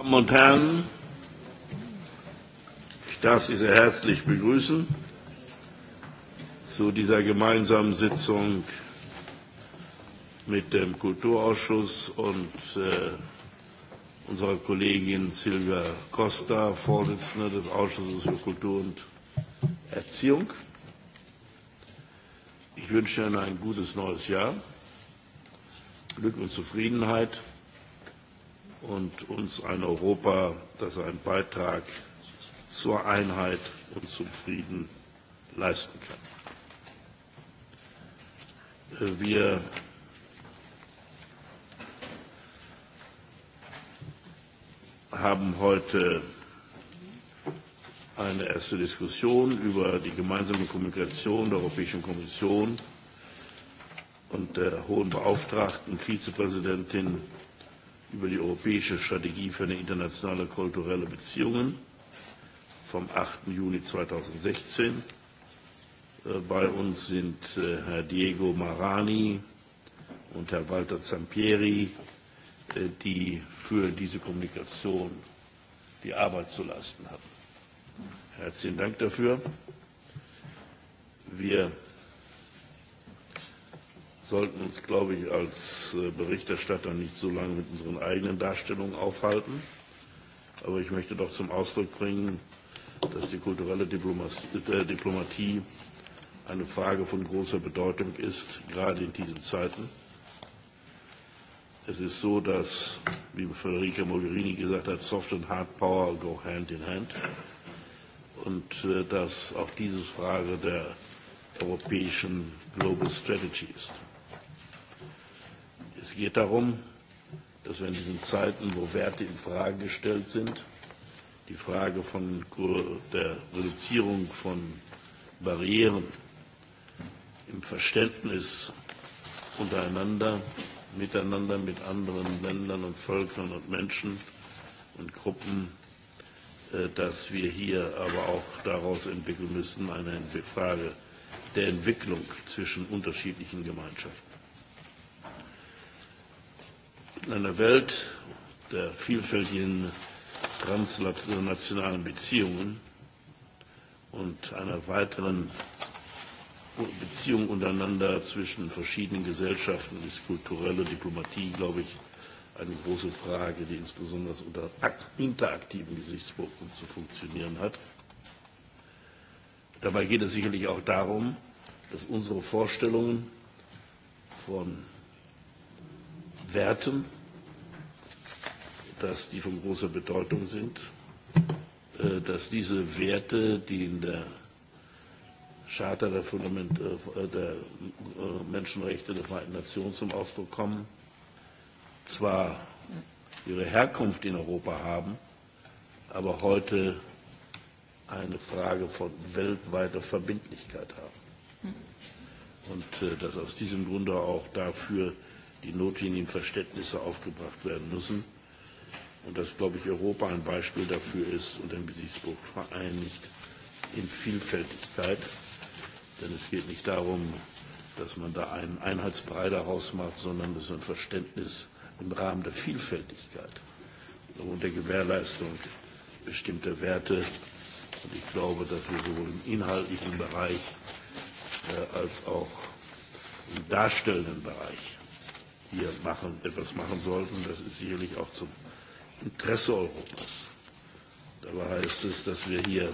Damen und Herren, ich darf Sie sehr herzlich begrüßen zu dieser gemeinsamen Sitzung mit dem Kulturausschuss und äh, unserer Kollegin Silvia Costa, Vorsitzende des Ausschusses für Kultur und Erziehung. Ich wünsche Ihnen ein gutes neues Jahr, Glück und Zufriedenheit und uns ein Europa, das einen Beitrag zur Einheit und zum Frieden leisten kann. Äh, wir haben heute eine erste Diskussion über die gemeinsame Kommunikation der Europäischen Kommission und der Hohen Beauftragten Vizepräsidentin über die europäische Strategie für eine internationale kulturelle Beziehungen vom 8. Juni 2016. Äh, bei uns sind äh, Herr Diego Marani und Herr Walter Zampieri, äh, die für diese Kommunikation die Arbeit zu leisten hatten. Herzlichen Dank dafür. Wir sollten uns, glaube ich, als äh, Berichterstatter nicht so lange mit unseren eigenen Darstellungen aufhalten. Aber ich möchte doch zum Ausdruck bringen, dass die kulturelle äh, Diplomatie eine Frage von großer Bedeutung ist, gerade in diesen Zeiten. Es ist so, dass, wie Federica Mogherini gesagt hat, Soft and Hard Power go hand in hand. Und äh, dass auch diese Frage der europäischen Global Strategy ist. Es geht darum, dass wir in diesen Zeiten, wo Werte in Frage gestellt sind, die Frage von der Reduzierung von Barrieren im Verständnis untereinander, miteinander mit anderen Ländern und Völkern und Menschen und Gruppen, äh, dass wir hier aber auch daraus entwickeln müssen, eine Frage der Entwicklung zwischen unterschiedlichen Gemeinschaften in einer Welt der vielfältigen transnationalen Beziehungen und einer weiteren Beziehung untereinander zwischen verschiedenen Gesellschaften ist kulturelle Diplomatie, glaube ich, eine große Frage, die insbesondere unter interaktiven Gesichtspunkten zu funktionieren hat. Dabei geht es sicherlich auch darum, dass unsere Vorstellungen von Werten dass die von großer Bedeutung sind, äh, dass diese Werte, die in der Charta der, Fundament, äh, äh, der Menschenrechte der Vereinten Nationen zum Ausdruck kommen, zwar ihre Herkunft in Europa haben, aber heute eine Frage von weltweiter Verbindlichkeit haben. Und dass aus diesem Grunde auch dafür die notwendigen Verständnisse aufgebracht werden müssen und dass, glaube ich, Europa ein Beispiel dafür ist und ein Gesichtsbuch vereinigt in Vielfältigkeit. Denn es geht nicht darum, dass man da einen Einheitsbrei daraus macht, sondern es ist ein Verständnis im Rahmen der Vielfältigkeit und der Gewährleistung bestimmter Werte. Und ich glaube, dass wir sowohl im inhaltlichen Bereich äh, als auch im darstellenden Bereich hier machen, etwas machen sollten. Das ist sicherlich auch zum Interesse Europas. Dabei heißt es, dass wir hier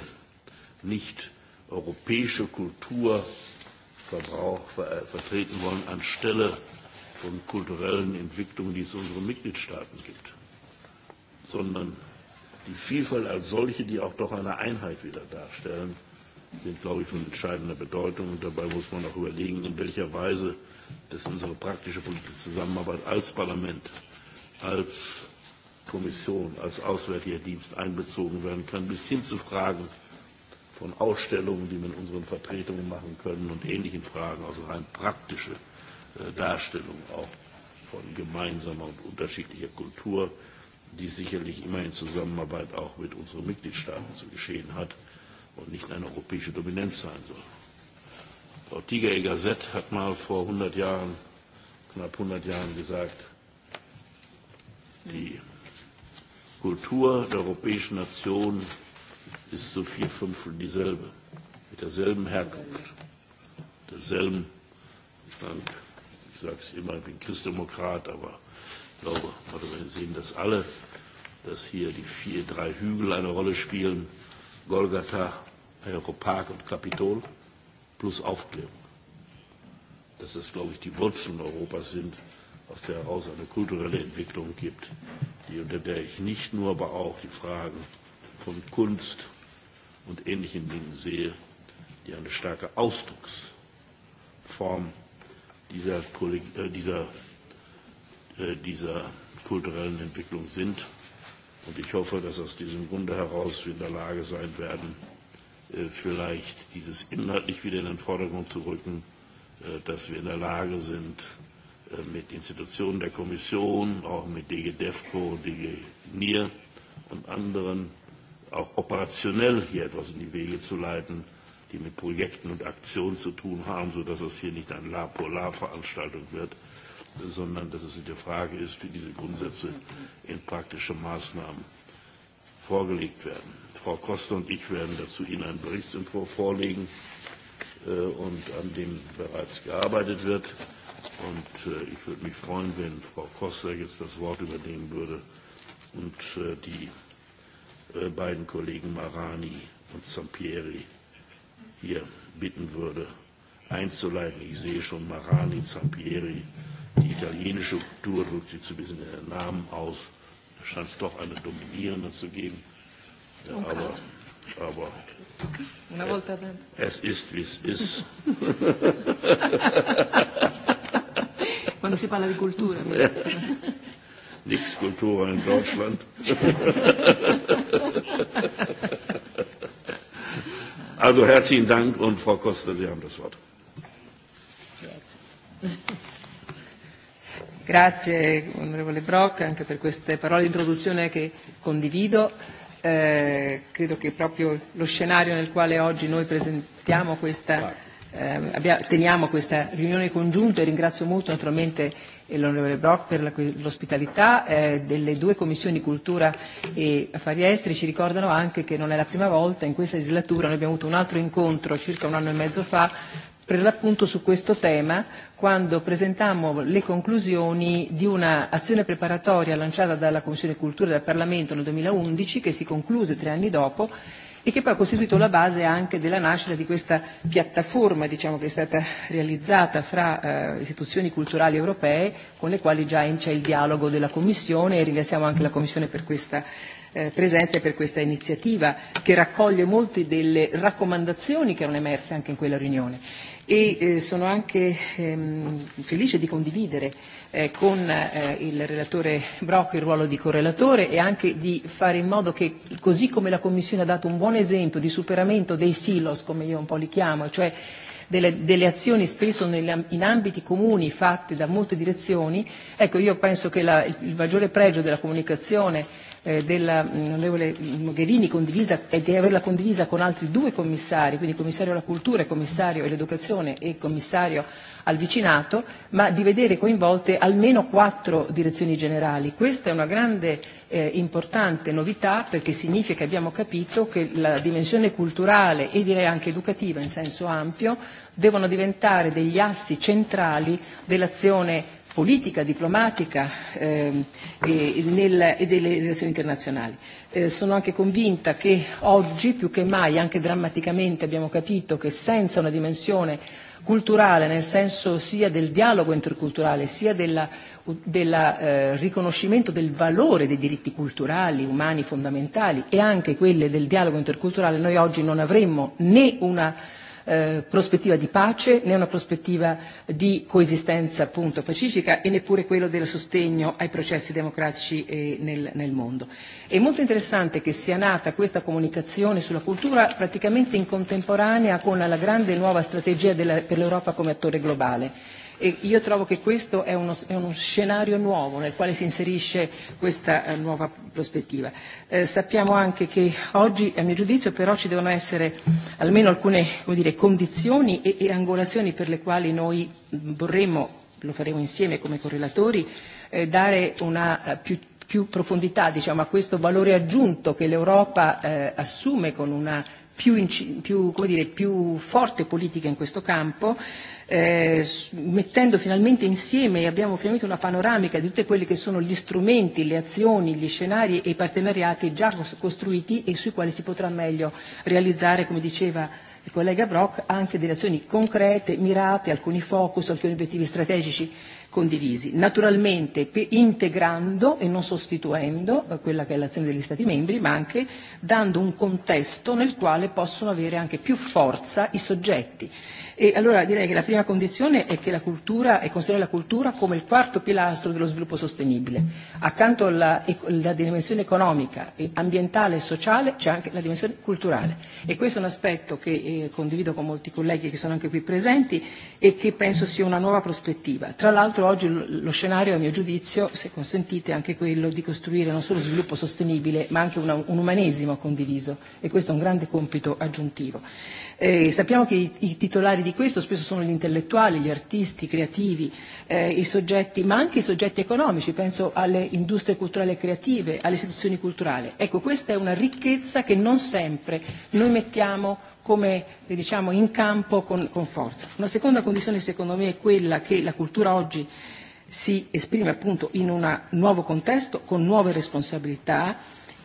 nicht europäische Kultur Verbrauch ver vertreten wollen anstelle von kulturellen Entwicklungen, die es in unseren Mitgliedstaaten gibt, sondern die Vielfalt als solche, die auch doch eine Einheit wieder darstellen, sind, glaube ich, von entscheidender Bedeutung. Und dabei muss man auch überlegen, in welcher Weise das unsere praktische politische Zusammenarbeit als Parlament, als Kommission als Auswärtiger Dienst einbezogen werden kann, bis hin zu Fragen von Ausstellungen, die wir unseren Vertretungen machen können und ähnlichen Fragen, also rein praktische äh, Darstellung auch von gemeinsamer und unterschiedlicher Kultur, die sicherlich immer in Zusammenarbeit auch mit unseren Mitgliedstaaten zu geschehen hat und nicht eine europäische Dominanz sein soll. Frau Tiger-Egazet hat mal vor 100 Jahren, knapp 100 Jahren gesagt, die Kultur der europäischen Nation ist zu vier Fünftel dieselbe, mit derselben Herkunft, derselben, ich sage es immer, ich bin Christdemokrat, aber ich glaube, wir sehen das alle, dass hier die vier, drei Hügel eine Rolle spielen, Golgatha, Europark und Kapitol, plus Aufklärung. Dass das, glaube ich, die Wurzeln Europas sind, aus der heraus eine kulturelle Entwicklung gibt, die, unter der ich nicht nur, aber auch die Fragen von Kunst und ähnlichen Dingen sehe, die eine starke Ausdrucksform dieser, äh, dieser, äh, dieser kulturellen Entwicklung sind. Und ich hoffe, dass aus diesem Grunde heraus wir in der Lage sein werden, äh, vielleicht dieses inhaltlich wieder in den Vordergrund zu rücken, dass wir in der Lage sind, Äh, mit Institutionen der Kommission, auch mit DG DEFCO, DG NIR und anderen auch operationell hier etwas in die Wege zu leiten, die mit Projekten und Aktionen zu tun haben, sodass es hier nicht eine La-Polar-Veranstaltung wird, sondern dass es in der Frage ist, wie diese Grundsätze in praktische Maßnahmen vorgelegt werden. Frau Koster und ich werden dazu Ihnen einen Berichtsentwurf vorlegen äh, und an dem bereits gearbeitet wird. Und äh, ich würde mich freuen, wenn Frau Koster jetzt das Wort übernehmen würde und äh, die äh, beiden Kollegen Marani und Zampieri hier bitten würde, einzuleiten. Ich sehe schon Marani, Zampieri, die italienische Kultur drückt sich zu bisschen den Namen aus. Da scheint es doch eine dominierende zu geben. Ja, oh, aber aber es, es ist, wie es ist. Quando si parla di cultura. Nix cultura in Deutschland. also herzlichen Dank und Frau Koster, Sie haben das Wort. Grazie onorevole Brock anche per queste parole di introduzione che condivido. Eh, credo che proprio lo scenario nel quale oggi noi presentiamo questa Ehm, teniamo questa riunione congiunta e ringrazio molto naturalmente eh, l'onorevole Brock per l'ospitalità eh, delle due commissioni cultura e affari esteri ci ricordano anche che non è la prima volta in questa legislatura noi abbiamo avuto un altro incontro circa un anno e mezzo fa per l'appunto su questo tema quando presentammo le conclusioni di un'azione preparatoria lanciata dalla Commissione Cultura del Parlamento nel 2011 che si concluse tre anni dopo e che poi ha costituito la base anche della nascita di questa piattaforma diciamo, che è stata realizzata fra eh, istituzioni culturali europee con le quali già c'è il dialogo della Commissione e ringraziamo anche la Commissione per questa eh, presenza e per questa iniziativa che raccoglie molte delle raccomandazioni che erano emerse anche in quella riunione e eh, sono anche ehm, felice di condividere eh, con eh, il relatore Brock il ruolo di correlatore e anche di fare in modo che così come la Commissione ha dato un buon esempio di superamento dei silos come io un po' li chiamo cioè delle, delle azioni spesso in ambiti comuni fatte da molte direzioni, ecco io penso che la, il maggiore pregio della comunicazione eh, dell'onorevole Mogherini condivisa e di averla condivisa con altri due commissari, quindi commissario alla cultura e commissario all'educazione e commissario al vicinato, ma di vedere coinvolte almeno quattro direzioni generali. Questa è una grande eh, importante novità perché significa abbiamo capito che la dimensione culturale e direi anche educativa in senso ampio devono diventare degli assi centrali dell'azione politica diplomatica ehm, e, e, nel, e delle relazioni internazionali. Eh, sono anche convinta che oggi più che mai, anche drammaticamente, abbiamo capito che senza una dimensione culturale, nel senso sia del dialogo interculturale, sia del eh, riconoscimento del valore dei diritti culturali, umani fondamentali e anche quelle del dialogo interculturale, noi oggi non avremmo né una Eh, prospettiva di pace né una prospettiva di coesistenza appunto pacifica e neppure quello del sostegno ai processi democratici eh, nel, nel mondo. È molto interessante che sia nata questa comunicazione sulla cultura praticamente in contemporanea con la grande nuova strategia della, per l'Europa come attore globale e io trovo che questo è uno, è uno scenario nuovo nel quale si inserisce questa eh, nuova prospettiva. Eh, sappiamo anche che oggi, a mio giudizio, però ci devono essere almeno alcune come dire, condizioni e, e angolazioni per le quali noi mm, vorremmo, lo faremo insieme come correlatori, eh, dare una eh, più più profondità diciamo, a questo valore aggiunto che l'Europa eh, assume con una più, più, come dire, più forte politica in questo campo Eh, mettendo finalmente insieme, e abbiamo finalmente una panoramica di tutti quelli che sono gli strumenti, le azioni, gli scenari e i partenariati già costruiti e sui quali si potrà meglio realizzare, come diceva il collega Brock, anche delle azioni concrete, mirate, alcuni focus, alcuni obiettivi strategici condivisi, naturalmente integrando e non sostituendo eh, quella che è l'azione degli Stati membri, ma anche dando un contesto nel quale possono avere anche più forza i soggetti E allora direi che la prima condizione è che la cultura è considerare la cultura come il quarto pilastro dello sviluppo sostenibile. Accanto alla la dimensione economica, e ambientale e sociale c'è anche la dimensione culturale e questo è un aspetto che eh, condivido con molti colleghi che sono anche qui presenti e che penso sia una nuova prospettiva. Tra l'altro oggi lo scenario a mio giudizio, se consentite, è anche quello di costruire non solo sviluppo sostenibile ma anche un umanesimo condiviso e questo è un grande compito aggiuntivo. Eh, sappiamo che i, i titolari di questo spesso sono gli intellettuali, gli artisti, i creativi, eh, i soggetti, ma anche i soggetti economici, penso alle industrie culturali e creative, alle istituzioni culturali. Ecco, questa è una ricchezza che non sempre noi mettiamo come diciamo in campo con, con forza. Una seconda condizione secondo me è quella che la cultura oggi si esprime appunto in un nuovo contesto, con nuove responsabilità,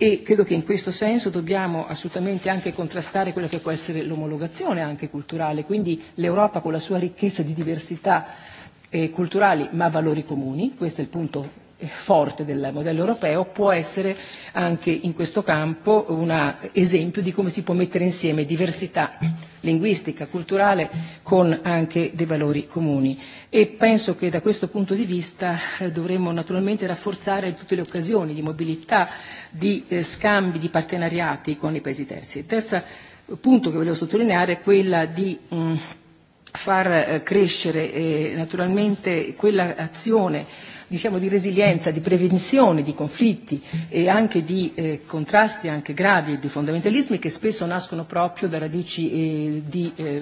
e credo che in questo senso dobbiamo assolutamente anche contrastare quella che può essere l'omologazione anche culturale, quindi l'Europa con la sua ricchezza di diversità eh, culturali ma valori comuni, questo è il punto forte del modello europeo può essere anche in questo campo un esempio di come si può mettere insieme diversità linguistica, culturale con anche dei valori comuni e penso che da questo punto di vista eh, dovremmo naturalmente rafforzare tutte le occasioni di mobilità, di eh, scambi, di partenariati con i paesi terzi. Il terzo punto che volevo sottolineare è quella di mm, far eh, crescere naturalmente quella azione diciamo di resilienza, di prevenzione di conflitti e anche di eh, contrasti anche gravi e di fondamentalismi che spesso nascono proprio da radici eh, di, eh,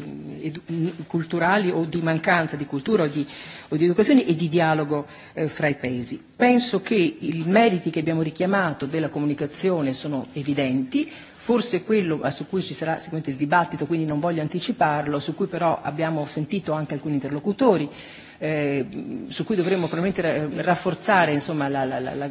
culturali o di mancanza di cultura o di, o di educazione e di dialogo eh, fra i paesi. Penso che i meriti che abbiamo richiamato della comunicazione sono evidenti, forse quello su cui ci sarà sicuramente il dibattito, quindi non voglio anticiparlo, su cui però abbiamo sentito anche alcuni interlocutori Eh, su cui dovremmo probabilmente rafforzare insomma, la, la, la,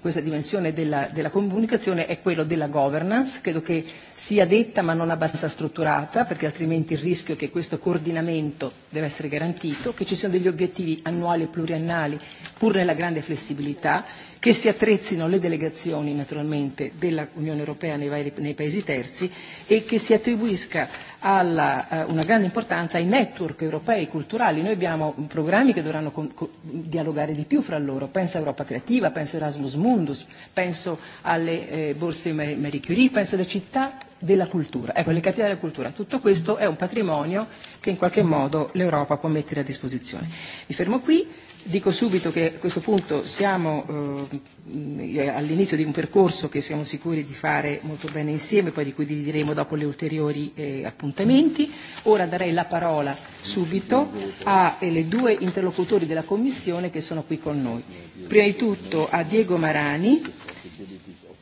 questa dimensione della, della comunicazione è quello della governance, credo che sia detta ma non abbastanza strutturata perché altrimenti il rischio è che questo coordinamento deve essere garantito, che ci siano degli obiettivi annuali e pluriannali pur nella grande flessibilità che si attrezzino le delegazioni naturalmente dell'Unione Europea nei, vari, nei paesi terzi e che si attribuisca alla, eh, una grande importanza ai network europei culturali. Noi abbiamo programmi che dovranno con, con, dialogare di più fra loro, penso a Europa Creativa, penso a Erasmus Mundus, penso alle eh, borse Marie Curie, penso alle città della cultura, ecco le capitali della cultura. Tutto questo è un patrimonio che in qualche modo l'Europa può mettere a disposizione. Mi fermo qui Dico subito che a questo punto siamo eh, all'inizio di un percorso che siamo sicuri di fare molto bene insieme, poi di cui divideremo dopo le ulteriori eh, appuntamenti. Ora darei la parola subito alle eh, due interlocutori della Commissione che sono qui con noi. Prima di tutto a Diego Marani,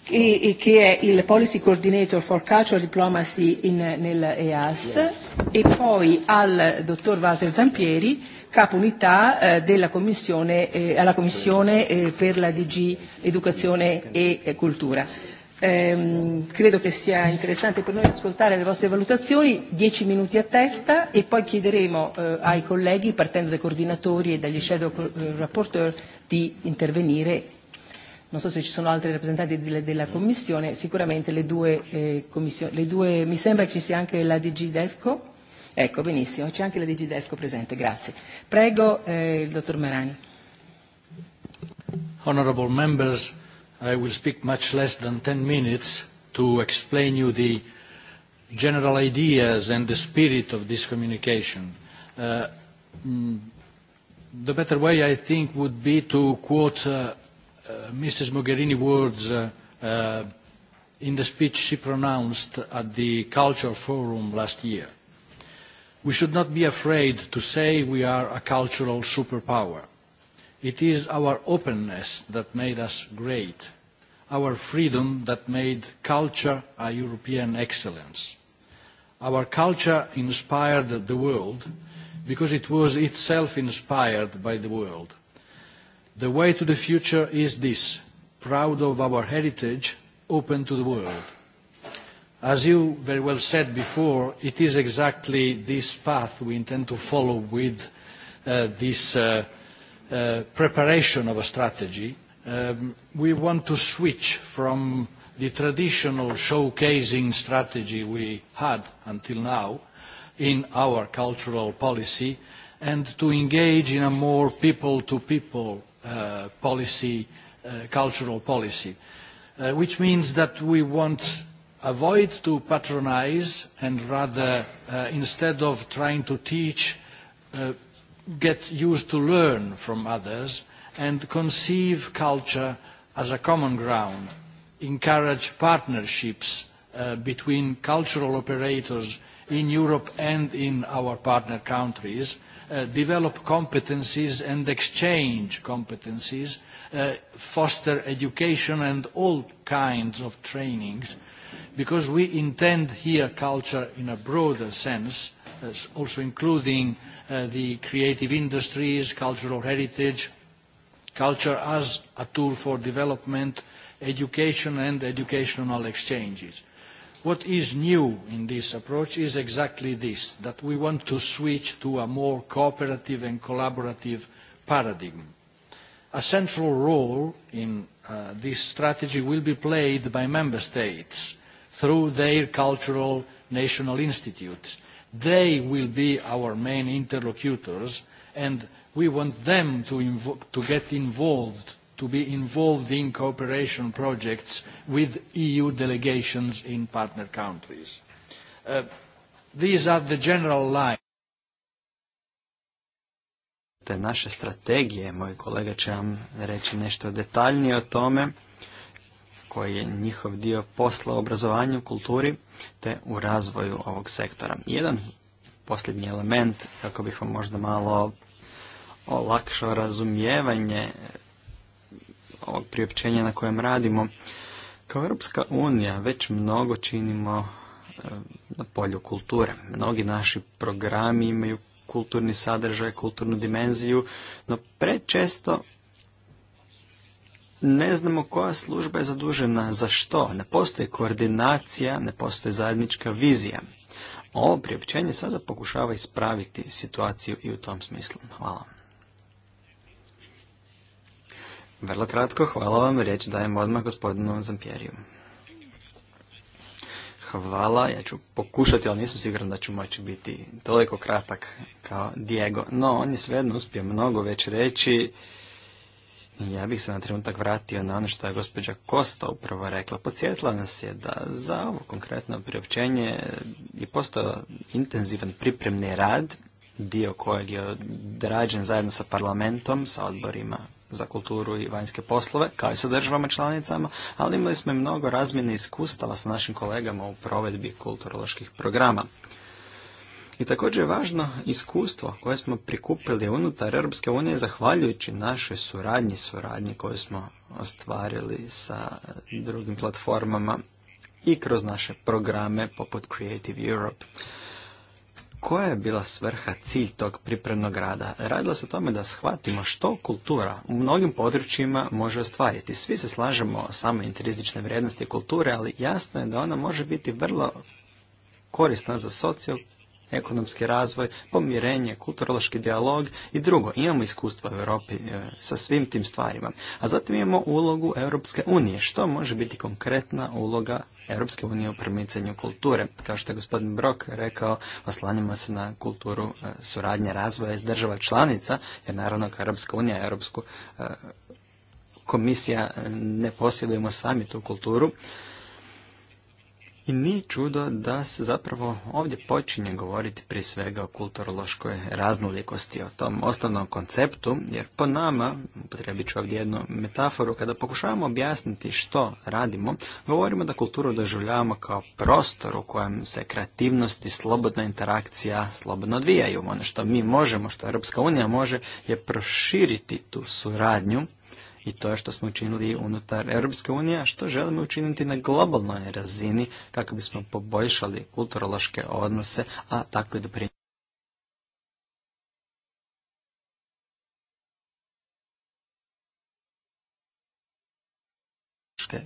che è il policy coordinator for cultural diplomacy in, nel EAS e poi al dottor Walter Zampieri, capo unità eh, della commissione, eh, alla Commissione eh, per la DG Educazione e Cultura. Ehm, credo che sia interessante per noi ascoltare le vostre valutazioni, dieci minuti a testa e poi chiederemo eh, ai colleghi, partendo dai coordinatori e dagli shadow eh, rapporteur, di intervenire non so se ci sono altri rappresentanti della, della Commissione, sicuramente le due, eh, commissioni, le due, mi sembra che ci sia anche la DG DEFCO, ecco benissimo, c'è anche la DG DEFCO presente, grazie. Prego eh, il dottor Marani. Honorable members, I will speak much less than 10 minutes to explain you the general ideas and the spirit of this communication. Uh, mm, the better way I think would be to quote uh, Uh, Mrs. Mogherini words uh, uh, in the speech she pronounced at the Culture Forum last year. We should not be afraid to say we are a cultural superpower. It is our openness that made us great, our freedom that made culture a European excellence. Our culture inspired the world because it was itself inspired by the world The way to the future is this, proud of our heritage, open to the world. As you very well said before, it is exactly this path we intend to follow with uh, this uh, uh, preparation of a strategy. Um, we want to switch from the traditional showcasing strategy we had until now in our cultural policy and to engage in a more people-to-people Uh, policy, uh, cultural policy, uh, which means that we want avoid to patronize and rather instead of trying to teach, get used to learn from others and conceive culture as a common ground, encourage partnerships between cultural operators in Europe and in our partner countries Uh, develop competencies and exchange competencies, uh, foster education and all kinds of trainings, because we intend here culture in a broader sense, also including uh, the creative industries, cultural heritage, culture as a tool for development, education and educational exchanges. What is new in this approach is exactly this, that we want to switch to a more cooperative and collaborative paradigm. A central role in uh, this strategy will be played by member states through their cultural national institutes. They will be our main interlocutors and we want them to, to get involved to be involved in cooperation projects with EU delegations in partner countries. Uh, these are the general lines. Te naše strategije, moj kolega će vam reći nešto detaljnije o tome, koji je njihov dio posla u obrazovanju, kulturi, te u razvoju ovog sektora. Jedan posljednji element, kako bih vam možda malo olakšao razumijevanje ovog priopćenja na kojem radimo. Kao Europska unija već mnogo činimo e, na polju kulture. Mnogi naši programi imaju kulturni sadržaj, kulturnu dimenziju, no prečesto ne znamo koja služba je zadužena za što. Ne postoji koordinacija, ne postoji zajednička vizija. Ovo priopćenje sada pokušava ispraviti situaciju i u tom smislu. Hvala. Vrlo kratko, hvala vam. Riječ dajem odmah gospodinu Zampjeriju. Hvala, ja ću pokušati, ali nisam siguran da ću moći biti toliko kratak kao Diego. No, on je svejedno uspio mnogo već reći. Ja bih se na trenutak vratio na ono što je gospođa Kosta upravo rekla. Podsjetila nas je da za ovo konkretno priopćenje je postao intenzivan pripremni rad, dio kojeg je odrađen zajedno sa parlamentom, sa odborima za kulturu i vanjske poslove, kao i sa državama članicama, ali imali smo i mnogo razmjene iskustava sa našim kolegama u provedbi kulturoloških programa. I također je važno iskustvo koje smo prikupili unutar Europske unije zahvaljujući našoj suradnji, suradnji koju smo ostvarili sa drugim platformama i kroz naše programe poput Creative Europe koja je bila svrha, cilj tog pripremnog rada? Radilo se o tome da shvatimo što kultura u mnogim područjima može ostvariti. Svi se slažemo samo interistične vrijednosti kulture, ali jasno je da ona može biti vrlo korisna za socio, ekonomski razvoj, pomirenje, kulturološki dijalog i drugo. Imamo iskustva u Europi e, sa svim tim stvarima. A zatim imamo ulogu Europske unije. Što može biti konkretna uloga Europske unije u promicanju kulture. Kao što je gospodin Brok rekao, oslanjamo se na kulturu e, suradnje razvoja iz država članica, jer naravno kao Europska unija, Europsku e, komisija e, ne posjedujemo sami tu kulturu. I nije čudo da se zapravo ovdje počinje govoriti prije svega o kulturološkoj raznolikosti, o tom osnovnom konceptu, jer po nama, potrebit ću ovdje jednu metaforu, kada pokušavamo objasniti što radimo, govorimo da kulturu doživljavamo kao prostor u kojem se kreativnost i slobodna interakcija slobodno odvijaju. Ono što mi možemo, što Europska unija može, je proširiti tu suradnju i to je što smo učinili unutar Europske unije, a što želimo učiniti na globalnoj razini kako bismo poboljšali kulturološke odnose, a tako i doprinjeni.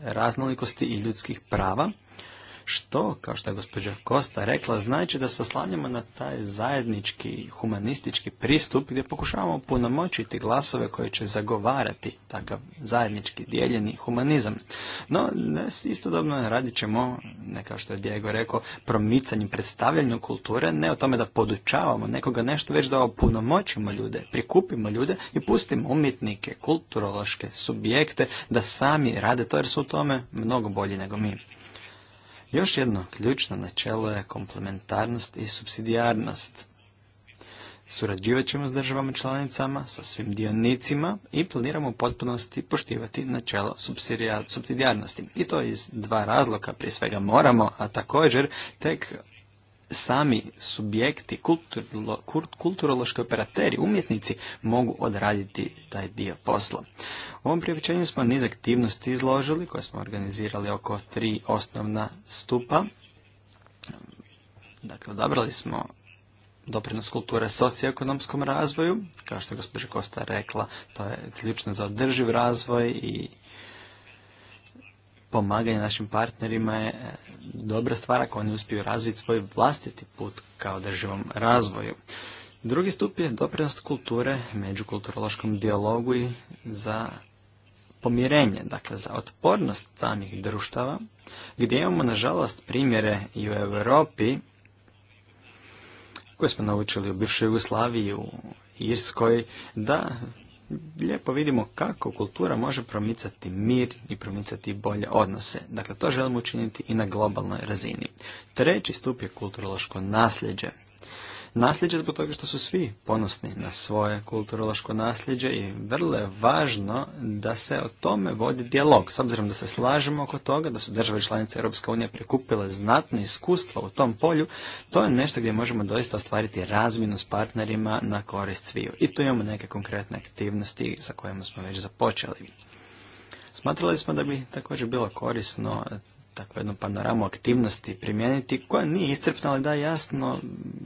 raznolikosti i ljudskih prava, što, kao što je gospođa Kosta rekla, znači da se oslanjamo na taj zajednički humanistički pristup gdje pokušavamo punomoćiti glasove koji će zagovarati takav zajednički dijeljeni humanizam. No, istodobno radit ćemo, ne kao što je Diego rekao, promicanjem predstavljanju kulture, ne o tome da podučavamo nekoga nešto, već da opunomoćimo ljude, prikupimo ljude i pustimo umjetnike, kulturološke subjekte da sami rade to jer su u tome mnogo bolji nego mi. Još jedno ključno načelo je komplementarnost i subsidijarnost. Surađivat ćemo s državama članicama, sa svim dionicima i planiramo u potpunosti poštivati načelo subsidijarnosti. I to iz dva razloga. Prije svega moramo, a također tek sami subjekti, kulturološki operateri, umjetnici mogu odraditi taj dio posla. U ovom priopćenju smo niz aktivnosti izložili koje smo organizirali oko tri osnovna stupa. Dakle, odabrali smo doprinos kulture socioekonomskom razvoju. Kao što je gospođa Kosta rekla, to je ključno za održiv razvoj i pomaganje našim partnerima je e, dobra stvar ako oni uspiju razviti svoj vlastiti put kao državom razvoju. Drugi stup je doprinost kulture, međukulturološkom dijalogu i za pomirenje, dakle za otpornost samih društava, gdje imamo nažalost primjere i u Europi koje smo naučili u bivšoj Jugoslaviji, u Irskoj, da lijepo vidimo kako kultura može promicati mir i promicati bolje odnose. Dakle, to želimo učiniti i na globalnoj razini. Treći stup je kulturološko nasljeđe nasljeđe zbog toga što su svi ponosni na svoje kulturološko nasljeđe i vrlo je važno da se o tome vodi dijalog. S obzirom da se slažemo oko toga, da su države članice Europske unije prikupile znatno iskustvo u tom polju, to je nešto gdje možemo doista ostvariti razmjenu s partnerima na korist sviju. I tu imamo neke konkretne aktivnosti sa kojima smo već započeli. Smatrali smo da bi također bilo korisno takvu jednu panoramu aktivnosti primijeniti koja nije iscrpna, ali da jasno,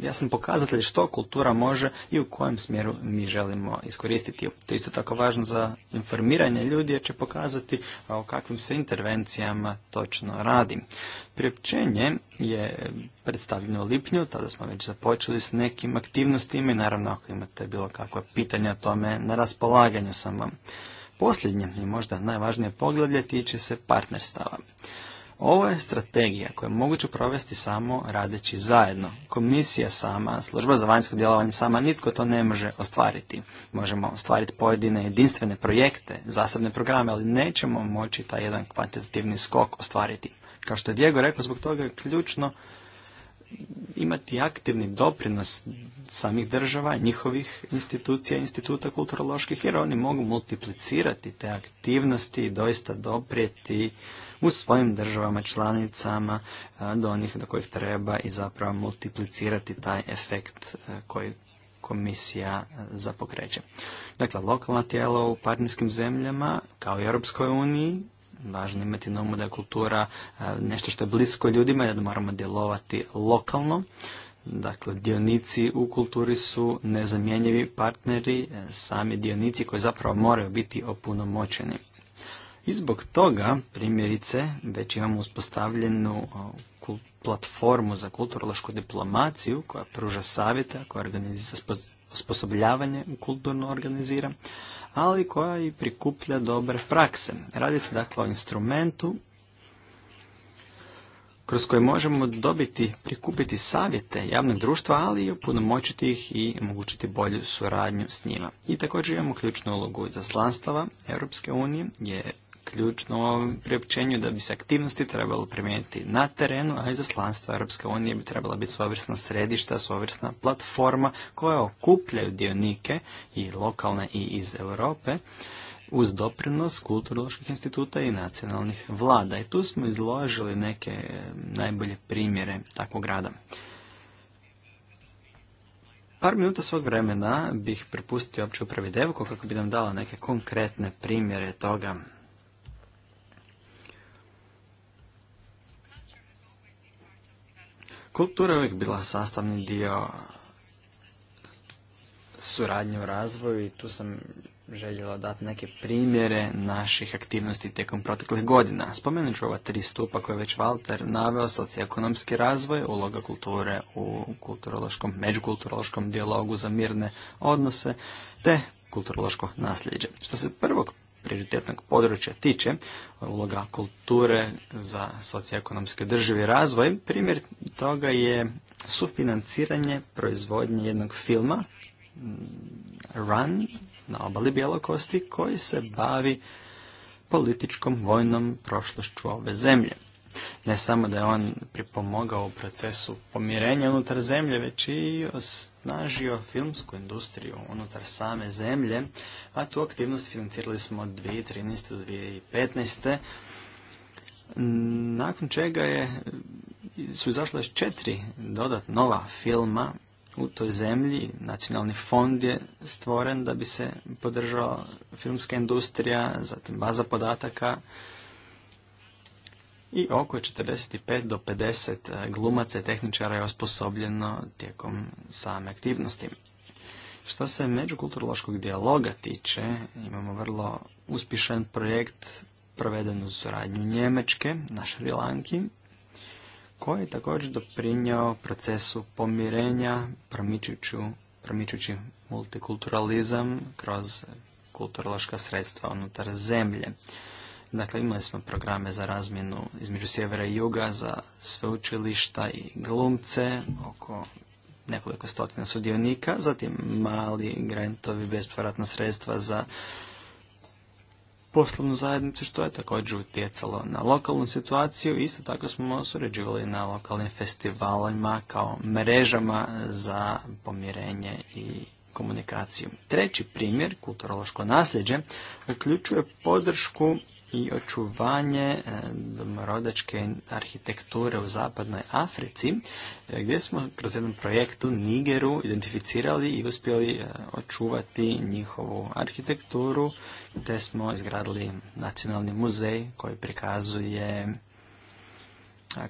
jasan pokazatelj što kultura može i u kojem smjeru mi želimo iskoristiti. To je isto tako važno za informiranje ljudi jer će pokazati o kakvim se intervencijama točno radi. Priopćenje je predstavljeno u lipnju, tada smo već započeli s nekim aktivnostima i naravno ako imate bilo kakva pitanja o tome na raspolaganju sam vam. Posljednje i možda najvažnije poglavlje tiče se partnerstava. Ovo je strategija koju je moguće provesti samo radeći zajedno. Komisija sama, služba za vanjsko djelovanje sama, nitko to ne može ostvariti. Možemo ostvariti pojedine jedinstvene projekte, zasebne programe, ali nećemo moći taj jedan kvantitativni skok ostvariti. Kao što je Diego rekao, zbog toga je ključno imati aktivni doprinos samih država, njihovih institucija, instituta kulturoloških, jer oni mogu multiplicirati te aktivnosti i doista doprijeti u svojim državama članicama do onih do kojih treba i zapravo multiplicirati taj efekt koji komisija zapokreće. Dakle, lokalna tijela u partnerskim zemljama, kao i Europskoj uniji, važno imati na umu da je kultura nešto što je blisko ljudima, da moramo djelovati lokalno. Dakle, dionici u kulturi su nezamjenjivi partneri, sami dionici koji zapravo moraju biti opunomoćeni. I zbog toga, primjerice, već imamo uspostavljenu platformu za kulturološku diplomaciju koja pruža savjeta, koja organizira osposobljavanje kulturno organizira, ali koja i prikuplja dobre prakse. Radi se dakle o instrumentu kroz koje možemo dobiti, prikupiti savjete javne društva, ali i opunomoćiti ih i omogućiti bolju suradnju s njima. I također imamo ključnu ulogu izaslanstava Europske unije, je ključno u ovom priopćenju da bi se aktivnosti trebalo primijeniti na terenu, a izaslanstva Europske unije bi trebala biti svovrsna središta, svovrsna platforma koja okupljaju dionike i lokalne i iz Europe uz doprinos kulturoloških instituta i nacionalnih vlada. I tu smo izložili neke eh, najbolje primjere takvog rada. Par minuta svog vremena bih prepustio opće upravi kako bi nam dala neke konkretne primjere toga Kultura je uvijek bila sastavni dio suradnje u razvoju i tu sam željela dati neke primjere naših aktivnosti tijekom proteklih godina. Spomenut ću ova tri stupa koje je već Walter naveo, socioekonomski razvoj, uloga kulture u kulturološkom, međukulturološkom dijalogu za mirne odnose, te kulturološko nasljeđe. Što se prvog prioritetnog područja tiče, uloga kulture za socioekonomski drživi razvoj, primjer toga je sufinanciranje proizvodnje jednog filma mm, Run na obali Bjelokosti koji se bavi političkom vojnom prošlošću ove zemlje. Ne samo da je on pripomogao u procesu pomirenja unutar zemlje, već i osnažio filmsku industriju unutar same zemlje, a tu aktivnost financirali smo od 2013. do 2015. Nakon čega je, su izašle još četiri dodat nova filma u toj zemlji. Nacionalni fond je stvoren da bi se podržala filmska industrija, zatim baza podataka, i oko 45 do 50 eh, glumaca i tehničara je osposobljeno tijekom same aktivnosti. Što se međukulturološkog dijaloga tiče, imamo vrlo uspješan projekt proveden u suradnju Njemečke na Lanki koji je također doprinjao procesu pomirenja promičući multikulturalizam kroz kulturološka sredstva unutar zemlje. Dakle, imali smo programe za razmjenu između sjevera i juga, za sveučilišta i glumce, oko nekoliko stotina sudionika, zatim mali grantovi, bespovratna sredstva za poslovnu zajednicu, što je također utjecalo na lokalnu situaciju. Isto tako smo surađivali na lokalnim festivalima kao mrežama za pomirenje i komunikaciju. Treći primjer, kulturološko nasljeđe, uključuje podršku i očuvanje e, domorodačke arhitekture u zapadnoj Africi, e, gdje smo kroz jedan projekt u Nigeru identificirali i uspjeli e, očuvati njihovu arhitekturu, te smo izgradili nacionalni muzej koji prikazuje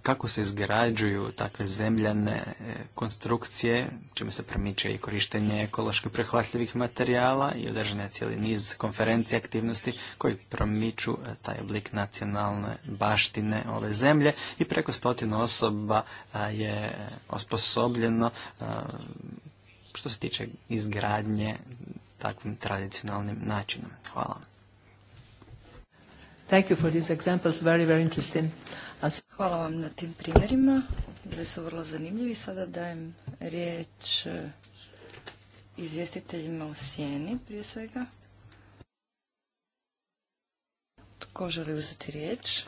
kako se izgrađuju takve zemljane e, konstrukcije, čime se promiče i korištenje ekološki prihvatljivih materijala i održan je cijeli niz konferencija aktivnosti koji promiču e, taj oblik nacionalne baštine ove zemlje i preko stotinu osoba e, je osposobljeno što se tiče izgradnje takvim tradicionalnim načinom. Hvala. Thank you for these examples. Very, very interesting. As Hvala vam na tim primjerima, bili su vrlo zanimljivi. Sada dajem riječ e, izvjestiteljima u sjeni prije svega. Tko želi uzeti riječ?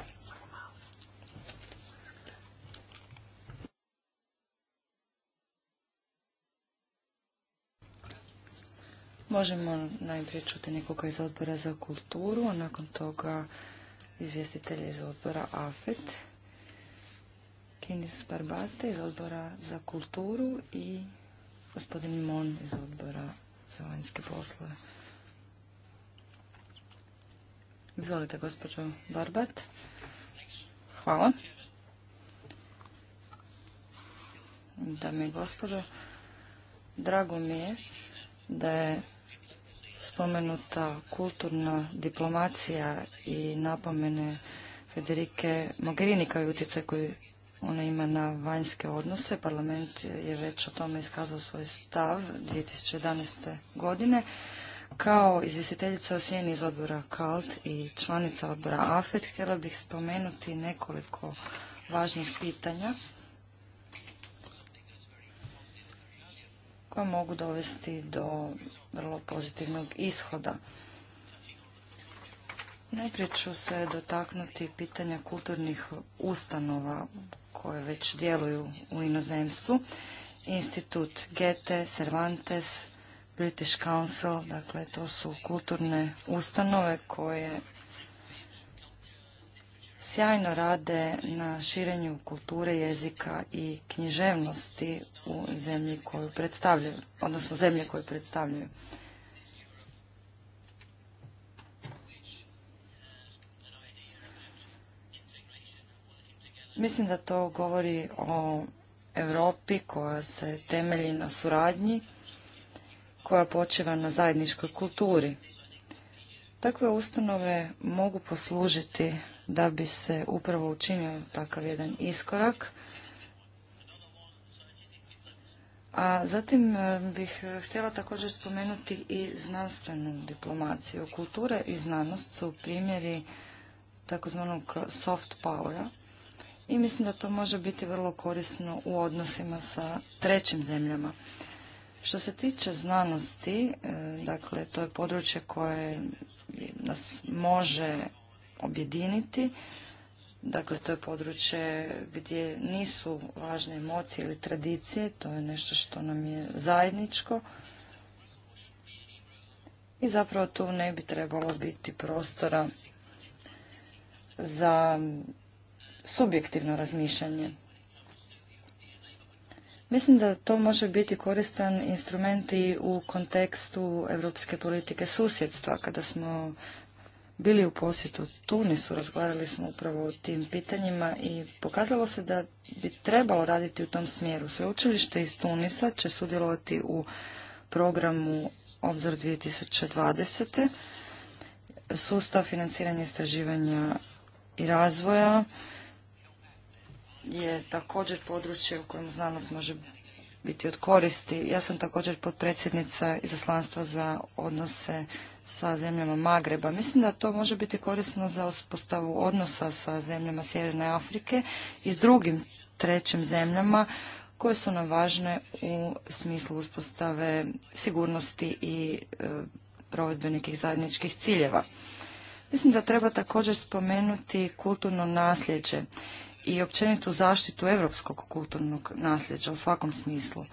Možemo najprije čuti nekoga iz odbora za kulturu, a nakon toga izvjestitelja iz odbora AFET. Kinis Barbate iz odbora za kulturu i gospodin Mon iz odbora za vanjske poslove. Izvolite, gospođo Barbat. Hvala. Dame i gospodo, drago mi je da je spomenuta kulturna diplomacija i napomene Federike Mogherini kao i utjecaj koji ona ima na vanjske odnose. Parlament je već o tome iskazao svoj stav 2011. godine. Kao izvjestiteljica o sjeni iz odbora KALT i članica odbora AFET htjela bih spomenuti nekoliko važnih pitanja koja mogu dovesti do vrlo pozitivnog ishoda. Najprije ću se dotaknuti pitanja kulturnih ustanova koje već djeluju u inozemstvu. Institut Goethe, Cervantes, British Council, dakle to su kulturne ustanove koje sjajno rade na širenju kulture, jezika i književnosti u zemlji koju predstavljaju, odnosno zemlje koju predstavljaju. Mislim da to govori o Europi koja se temelji na suradnji, koja počeva na zajedničkoj kulturi. Takve ustanove mogu poslužiti da bi se upravo učinio takav jedan iskorak. A zatim e, bih htjela također spomenuti i znanstvenu diplomaciju. Kultura i znanost su primjeri takozvanog soft powera i mislim da to može biti vrlo korisno u odnosima sa trećim zemljama. Što se tiče znanosti, e, dakle to je područje koje nas može objediniti, dakle to je područje gdje nisu važne emocije ili tradicije, to je nešto što nam je zajedničko i zapravo tu ne bi trebalo biti prostora za subjektivno razmišljanje. Mislim da to može biti koristan instrument i u kontekstu europske politike susjedstva. Kada smo bili u posjetu Tunisu, razgovarali smo upravo o tim pitanjima i pokazalo se da bi trebalo raditi u tom smjeru. Sveučilište iz Tunisa će sudjelovati u programu Obzor 2020. Sustav financiranja istraživanja i razvoja je također područje u kojem znanost može biti od koristi. Ja sam također potpredsjednica izaslanstva za odnose sa zemljama Magreba. Mislim da to može biti korisno za uspostavu odnosa sa zemljama Sjeverne Afrike i s drugim trećim zemljama koje su nam važne u smislu uspostave sigurnosti i e, provedbe nekih zajedničkih ciljeva. Mislim da treba također spomenuti kulturno nasljeđe i općenitu zaštitu europskog kulturnog nasljeđa u svakom smislu.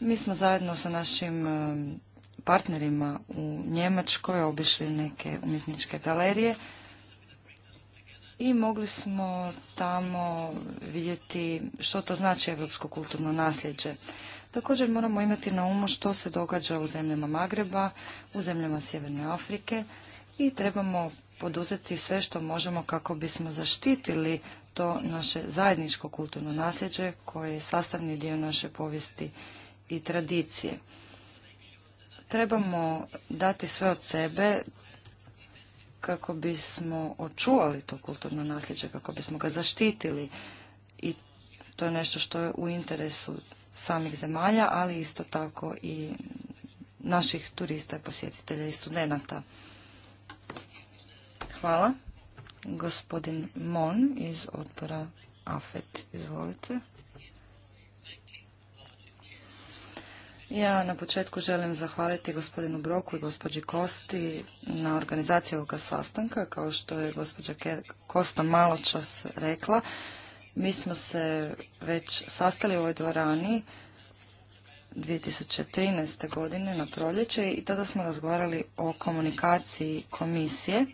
Mi smo zajedno sa našim e, partnerima u Njemačkoj obišli neke umjetničke galerije i mogli smo tamo vidjeti što to znači europsko kulturno nasljeđe. Također moramo imati na umu što se događa u zemljama Magreba, u zemljama Sjeverne Afrike i trebamo poduzeti sve što možemo kako bismo zaštitili to naše zajedničko kulturno nasljeđe koje je sastavni dio naše povijesti i tradicije. Trebamo dati sve od sebe kako bismo očuvali to kulturno nasljeđe, kako bismo ga zaštitili i to je nešto što je u interesu samih zemalja, ali isto tako i naših turista, posjetitelja i studenata. Hvala. Gospodin Mon iz odbora AFET, izvolite. Ja na početku želim zahvaliti gospodinu Broku i gospođi Kosti na organizaciji ovoga sastanka. Kao što je gospođa Kosta malo čas rekla, mi smo se već sastali u ovoj dvorani 2013. godine na proljeće i tada smo razgovarali o komunikaciji komisije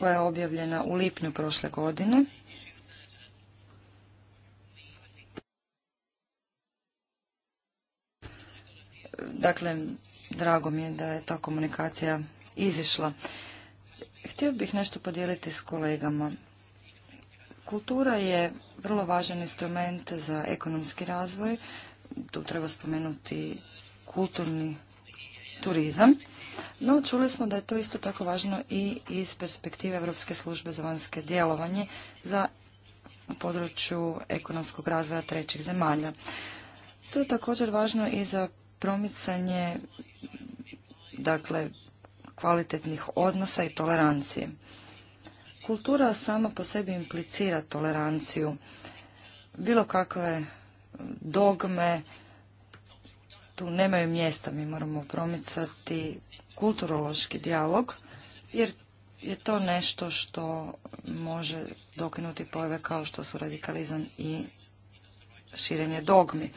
koja je objavljena u lipnju prošle godine. Dakle, drago mi je da je ta komunikacija izišla. Htio bih nešto podijeliti s kolegama. Kultura je vrlo važan instrument za ekonomski razvoj. Tu treba spomenuti kulturni turizam. No, čuli smo da je to isto tako važno i iz perspektive Europske službe za vanjske djelovanje za području ekonomskog razvoja trećih zemalja. To je također važno i za promicanje dakle, kvalitetnih odnosa i tolerancije. Kultura sama po sebi implicira toleranciju, bilo kakve dogme, tu nemaju mjesta. Mi moramo promicati kulturološki dijalog jer je to nešto što može dokinuti pojave kao što su radikalizam i širenje dogmi.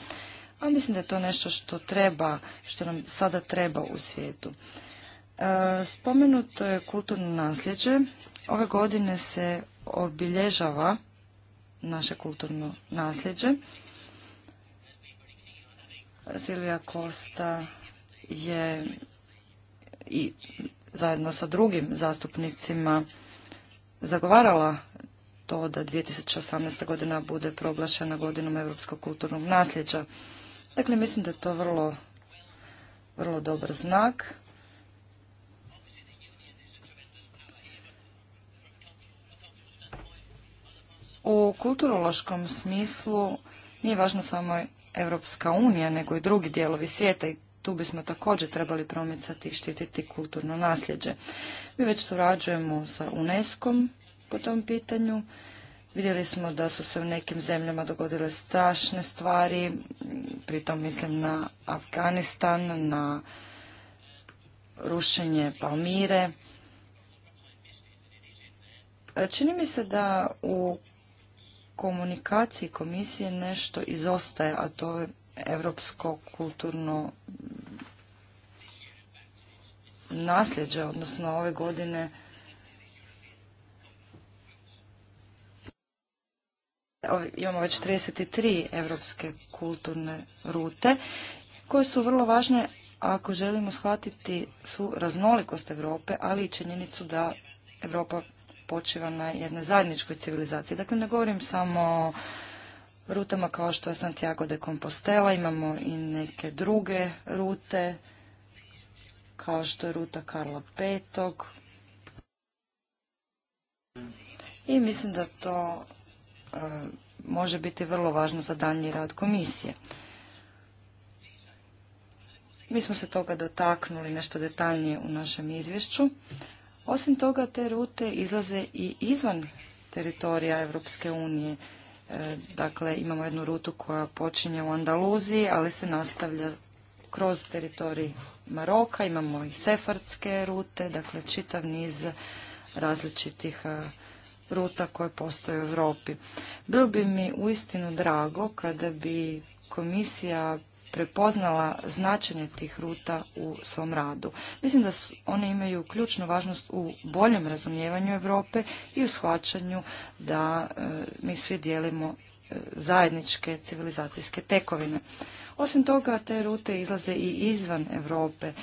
A mislim da je to nešto što treba, što nam sada treba u svijetu. E, spomenuto je kulturno nasljeđe. Ove godine se obilježava naše kulturno nasljeđe. Silvija Kosta je i zajedno sa drugim zastupnicima zagovarala to da 2018. godina bude proglašena godinom Europskog kulturnog nasljeđa. Dakle, mislim da je to vrlo, vrlo dobar znak. U kulturološkom smislu nije važno samo Europska unija, nego i drugi dijelovi svijeta i tu bismo također trebali promicati i štititi kulturno nasljeđe. Mi već surađujemo sa unesco po tom pitanju. Vidjeli smo da su se u nekim zemljama dogodile strašne stvari, pritom mislim na Afganistan, na rušenje Palmire. Čini mi se da u komunikaciji komisije nešto izostaje, a to je evropsko kulturno nasljeđe, odnosno ove godine imamo već 33 evropske kulturne rute koje su vrlo važne ako želimo shvatiti svu raznolikost Europe, ali i činjenicu da Europa počiva na jednoj zajedničkoj civilizaciji. Dakle, ne govorim samo o rutama kao što je Santiago de Compostela, imamo i neke druge rute, kao što je ruta Karla V. I mislim da to e, može biti vrlo važno za daljnji rad komisije. Mi smo se toga dotaknuli nešto detaljnije u našem izvješću. Osim toga, te rute izlaze i izvan teritorija Europske unije. E, dakle, imamo jednu rutu koja počinje u Andaluziji, ali se nastavlja kroz teritorij Maroka, imamo i sefardske rute, dakle čitav niz različitih e, ruta koje postoje u Europi. Bilo bi mi uistinu drago kada bi komisija prepoznala značenje tih ruta u svom radu. Mislim da su, one imaju ključnu važnost u boljem razumijevanju Europe i u shvaćanju da e, mi svi dijelimo e, zajedničke civilizacijske tekovine. Osim toga, te rute izlaze i izvan Europe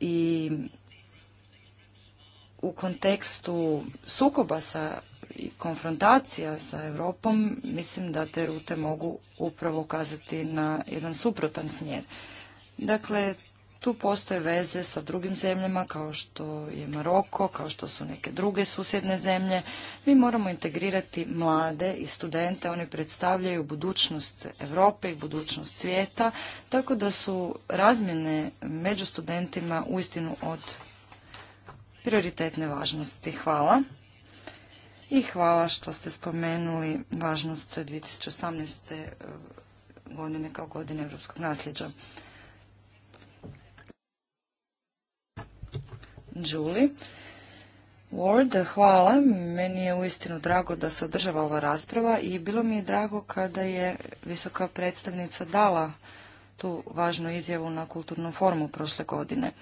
i u kontekstu sukoba sa i konfrontacija sa Europom, mislim da te rute mogu upravo ukazati na jedan suprotan smjer. Dakle, tu postoje veze sa drugim zemljama kao što je Maroko, kao što su neke druge susjedne zemlje. Mi moramo integrirati mlade i studente, oni predstavljaju budućnost Europe i budućnost svijeta, tako da su razmjene među studentima uistinu od prioritetne važnosti. Hvala i hvala što ste spomenuli važnost 2018. Eh, godine kao godine Europskog nasljeđa. Julie. Ward, hvala. Meni je uistinu drago da se održava ova rasprava i bilo mi je drago kada je visoka predstavnica dala tu važnu izjavu na kulturnu formu prošle godine.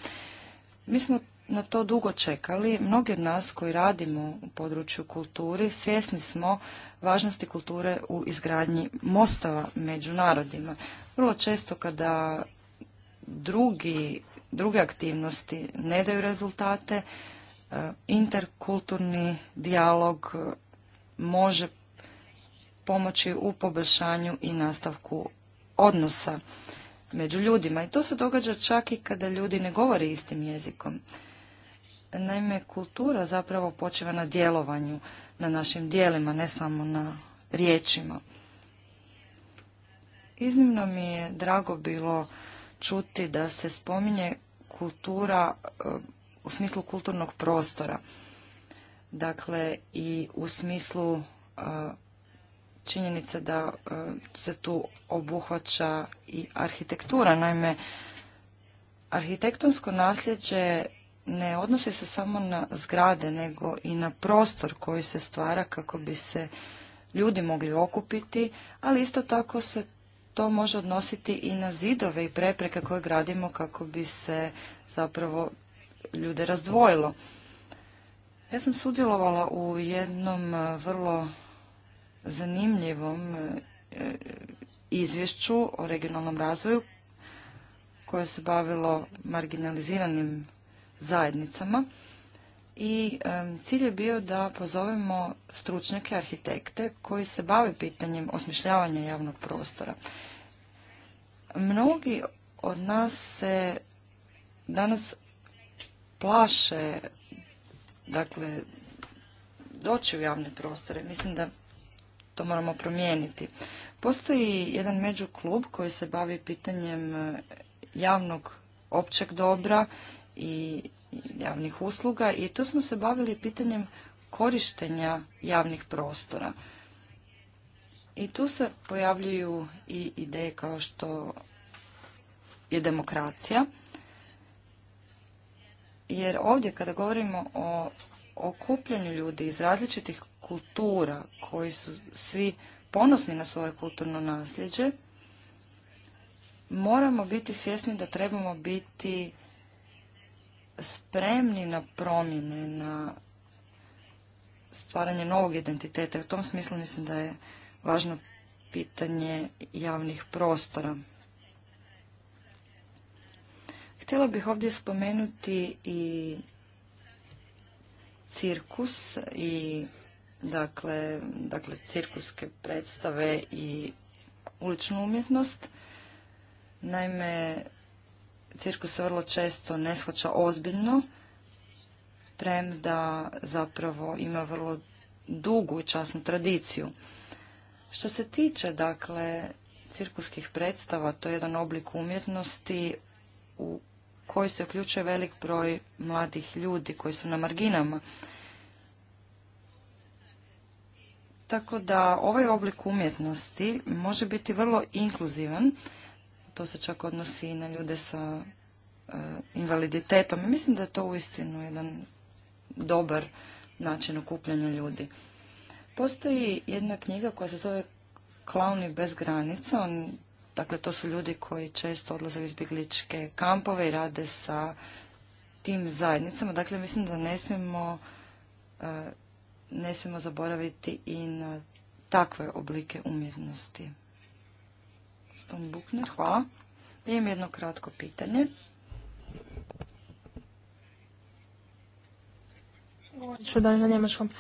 Mi smo na to dugo čekali. Mnogi od nas koji radimo u području kulturi svjesni smo važnosti kulture u izgradnji mostova među narodima. Vrlo često kada drugi, druge aktivnosti ne daju rezultate, e, interkulturni dijalog e, može pomoći u poboljšanju i nastavku odnosa među ljudima. I to se događa čak i kada ljudi ne govore istim jezikom. Naime, kultura zapravo počeva na djelovanju, na našim dijelima, ne samo na riječima. Iznimno mi je drago bilo čuti da se spominje kultura e, u smislu kulturnog prostora. Dakle, i u smislu e, činjenice da e, se tu obuhvaća i arhitektura. Naime, arhitektonsko nasljeđe ne odnosi se samo na zgrade, nego i na prostor koji se stvara kako bi se ljudi mogli okupiti, ali isto tako se to može odnositi i na zidove i prepreke koje gradimo kako bi se zapravo ljude razdvojilo. Ja sam sudjelovala u jednom e, vrlo zanimljivom e, izvješću o regionalnom razvoju koje se bavilo marginaliziranim zajednicama i cilj je bio da pozovemo stručnjake, arhitekte koji se bave pitanjem osmišljavanja javnog prostora. Mnogi od nas se danas plaše dakle doći u javne prostore. Mislim da to moramo promijeniti. Postoji jedan međuklub koji se bavi pitanjem eh, javnog općeg dobra i javnih usluga i tu smo se bavili pitanjem korištenja javnih prostora. I tu se pojavljuju i ideje kao što je demokracija. Jer ovdje kada govorimo o okupljanju ljudi iz različitih kultura koji su svi ponosni na svoje kulturno nasljeđe, moramo biti svjesni da trebamo biti spremni na promjene, na stvaranje novog identiteta. U tom smislu mislim da je važno pitanje javnih prostora. Htjela bih ovdje spomenuti i cirkus i dakle, dakle cirkuske predstave i uličnu umjetnost. Naime, cirkus se vrlo često ne shvaća ozbiljno, premda zapravo ima vrlo dugu i časnu tradiciju. Što se tiče, dakle, cirkuskih predstava, to je jedan oblik umjetnosti u koji se uključuje velik broj mladih ljudi koji su na marginama. Tako da ovaj oblik umjetnosti može biti vrlo inkluzivan to se čak odnosi i na ljude sa e, invaliditetom. I mislim da je to uistinu jedan dobar način okupljanja ljudi. Postoji jedna knjiga koja se zove Klauni bez granica. On, dakle, to su ljudi koji često odlaze u izbjegličke kampove i rade sa tim zajednicama. Dakle, mislim da ne smijemo, e, ne smijemo zaboraviti i na takve oblike umjetnosti. Stom Bukner, hvala. Imam jedno kratko pitanje. Govorit ću dalje na njemačkom.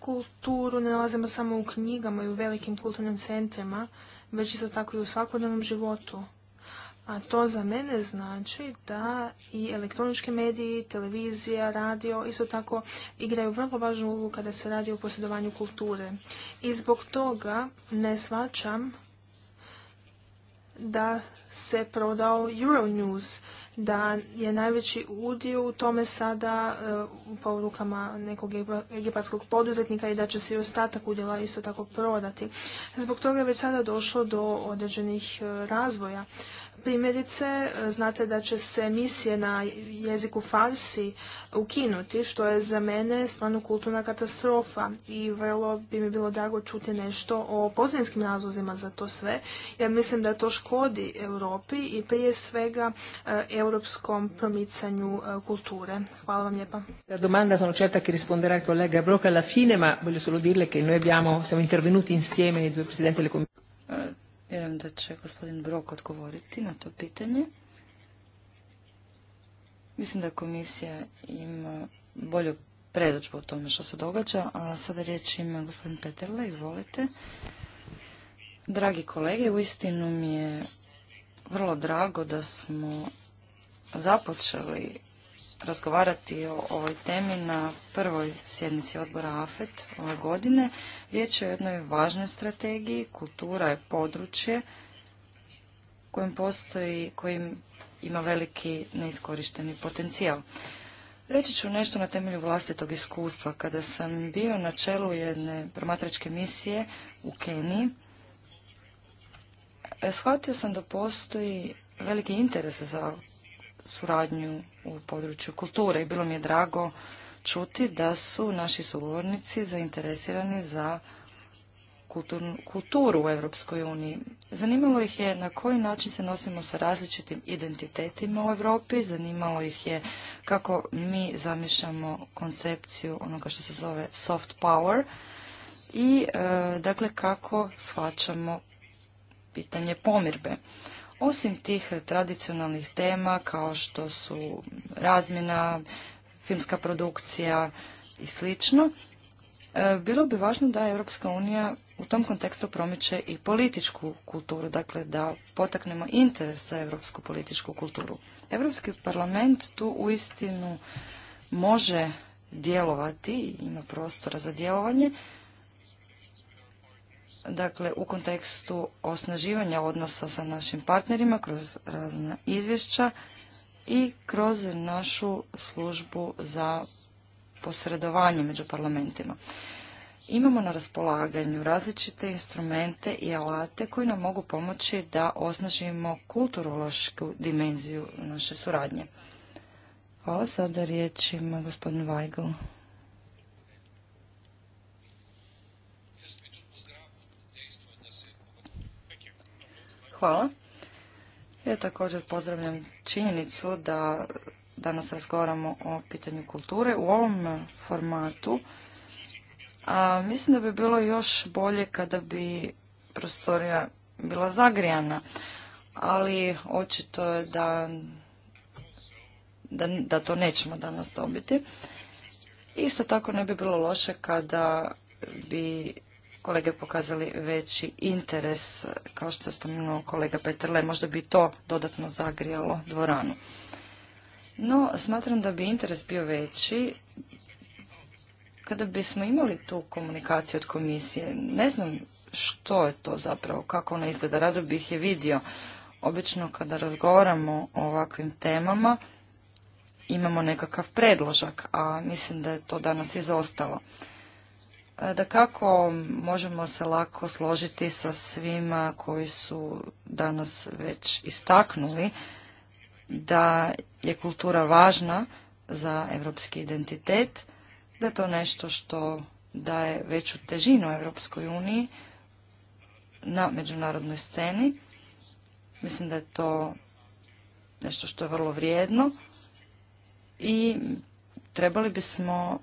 Kulturu ne nalazimo samo u knjigama i u velikim kulturnim centrima, već isto tako i u svakodnevnom životu. A to za mene znači da i elektronički mediji, televizija, radio, isto tako igraju vrlo važnu ulogu kada se radi o posjedovanju kulture. I zbog toga ne svačam da se prodao Euronews, da je najveći udio u tome sada e, u rukama nekog egipatskog poduzetnika i da će se i ostatak udjela isto tako prodati. Zbog toga je već sada došlo do određenih e, razvoja. Primjerice, znate da će se emisije na jeziku farsi ukinuti, što je za mene stvarno kulturna katastrofa i vrlo bi mi bilo drago čuti nešto o pozadinskim razlozima za to sve, jer mislim da to škodi Europi i prije svega eh, europskom promicanju eh, kulture. Hvala vam lijepa. La domanda sono certa che risponderà il collega Brock alla fine, ma voglio solo dirle che noi abbiamo, siamo intervenuti insieme i due presidenti delle Vjerujem da će gospodin Brok odgovoriti na to pitanje. Mislim da komisija ima bolju predočbu o tome što se događa, a sada riječ ima gospodin Peterle, izvolite. Dragi kolege, uistinu mi je vrlo drago da smo započeli razgovarati o ovoj temi na prvoj sjednici odbora AFET ove godine. Riječ je o jednoj važnoj strategiji. Kultura je područje kojim postoji, kojim ima veliki neiskorišteni potencijal. Reći ću nešto na temelju vlastitog iskustva. Kada sam bio na čelu jedne promatračke misije u Keniji, shvatio sam da postoji veliki interes za suradnju u području kulture i bilo mi je drago čuti da su naši sugovornici zainteresirani za kulturu u Europskoj uniji. Zanimalo ih je na koji način se nosimo sa različitim identitetima u Europi, zanimalo ih je kako mi zamišljamo koncepciju onoga što se zove soft power i e, dakle kako shvaćamo pitanje pomirbe. Osim tih tradicionalnih tema kao što su razmjena, filmska produkcija i slično, e, bilo bi važno da Europska unija u tom kontekstu promiče i političku kulturu, dakle da potaknemo interes za europsku političku kulturu. Europski parlament tu uistinu može djelovati, ima prostora za djelovanje, dakle u kontekstu osnaživanja odnosa sa našim partnerima kroz razna izvješća i kroz našu službu za posredovanje među parlamentima. Imamo na raspolaganju različite instrumente i alate koji nam mogu pomoći da osnažimo kulturološku dimenziju naše suradnje. Hvala sada riječ ima gospodin Weigl. Hvala. Ja također pozdravljam činjenicu da danas razgovaramo o pitanju kulture u ovom formatu. A mislim da bi bilo još bolje kada bi prostorija bila zagrijana, ali očito je da, da, da to nećemo danas dobiti. Isto tako ne bi bilo loše kada bi kolege pokazali veći interes, kao što je spomenuo kolega Petrle, možda bi to dodatno zagrijalo dvoranu. No, smatram da bi interes bio veći kada bismo imali tu komunikaciju od komisije. Ne znam što je to zapravo, kako ona izgleda, rado bih je vidio. Obično kada razgovaramo o ovakvim temama, imamo nekakav predložak, a mislim da je to danas izostalo. E, da kako možemo se lako složiti sa svima koji su danas već istaknuli da je kultura važna za europski identitet, da je to nešto što daje veću težinu Evropskoj uniji na međunarodnoj sceni. Mislim da je to nešto što je vrlo vrijedno i trebali bismo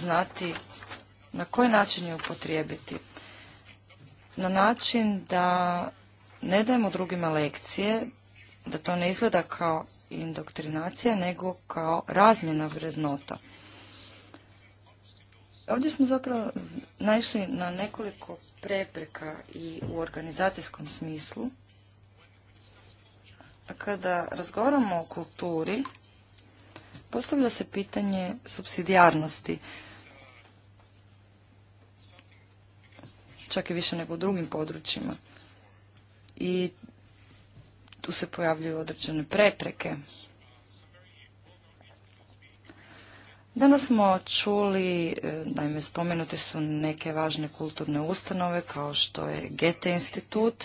znati na koji način je upotrijebiti? Na način da ne dajemo drugima lekcije, da to ne izgleda kao indoktrinacija, nego kao razmjena vrednota. Ovdje smo zapravo naišli na nekoliko prepreka i u organizacijskom smislu. A Kada razgovaramo o kulturi, postavlja se pitanje subsidijarnosti. čak i više nego u drugim područjima. I tu se pojavljuju određene prepreke. Danas smo čuli, e, naime spomenute su neke važne kulturne ustanove kao što je Gete institut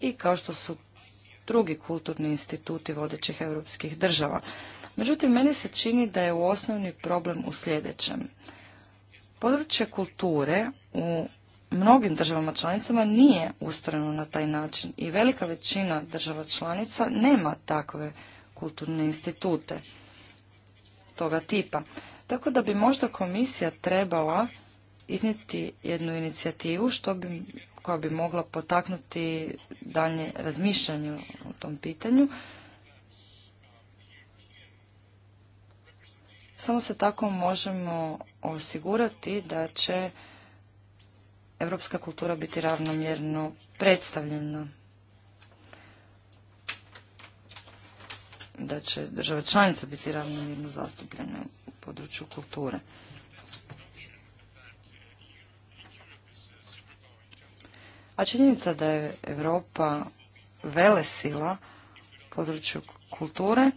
i kao što su drugi kulturni instituti vodećih europskih država. Međutim, meni se čini da je u osnovni problem u sljedećem. Područje kulture u mnogim državama članicama nije ustrojeno na taj način i velika većina država članica nema takve kulturne institute toga tipa. Tako da bi možda komisija trebala iznijeti jednu inicijativu što bi, koja bi mogla potaknuti dalje razmišljanje o tom pitanju. Samo se tako možemo osigurati da će europska kultura biti ravnomjerno predstavljena. Da će države članice biti ravnomjerno zastupljene u području kulture. A činjenica da je Europa velesila u području kulture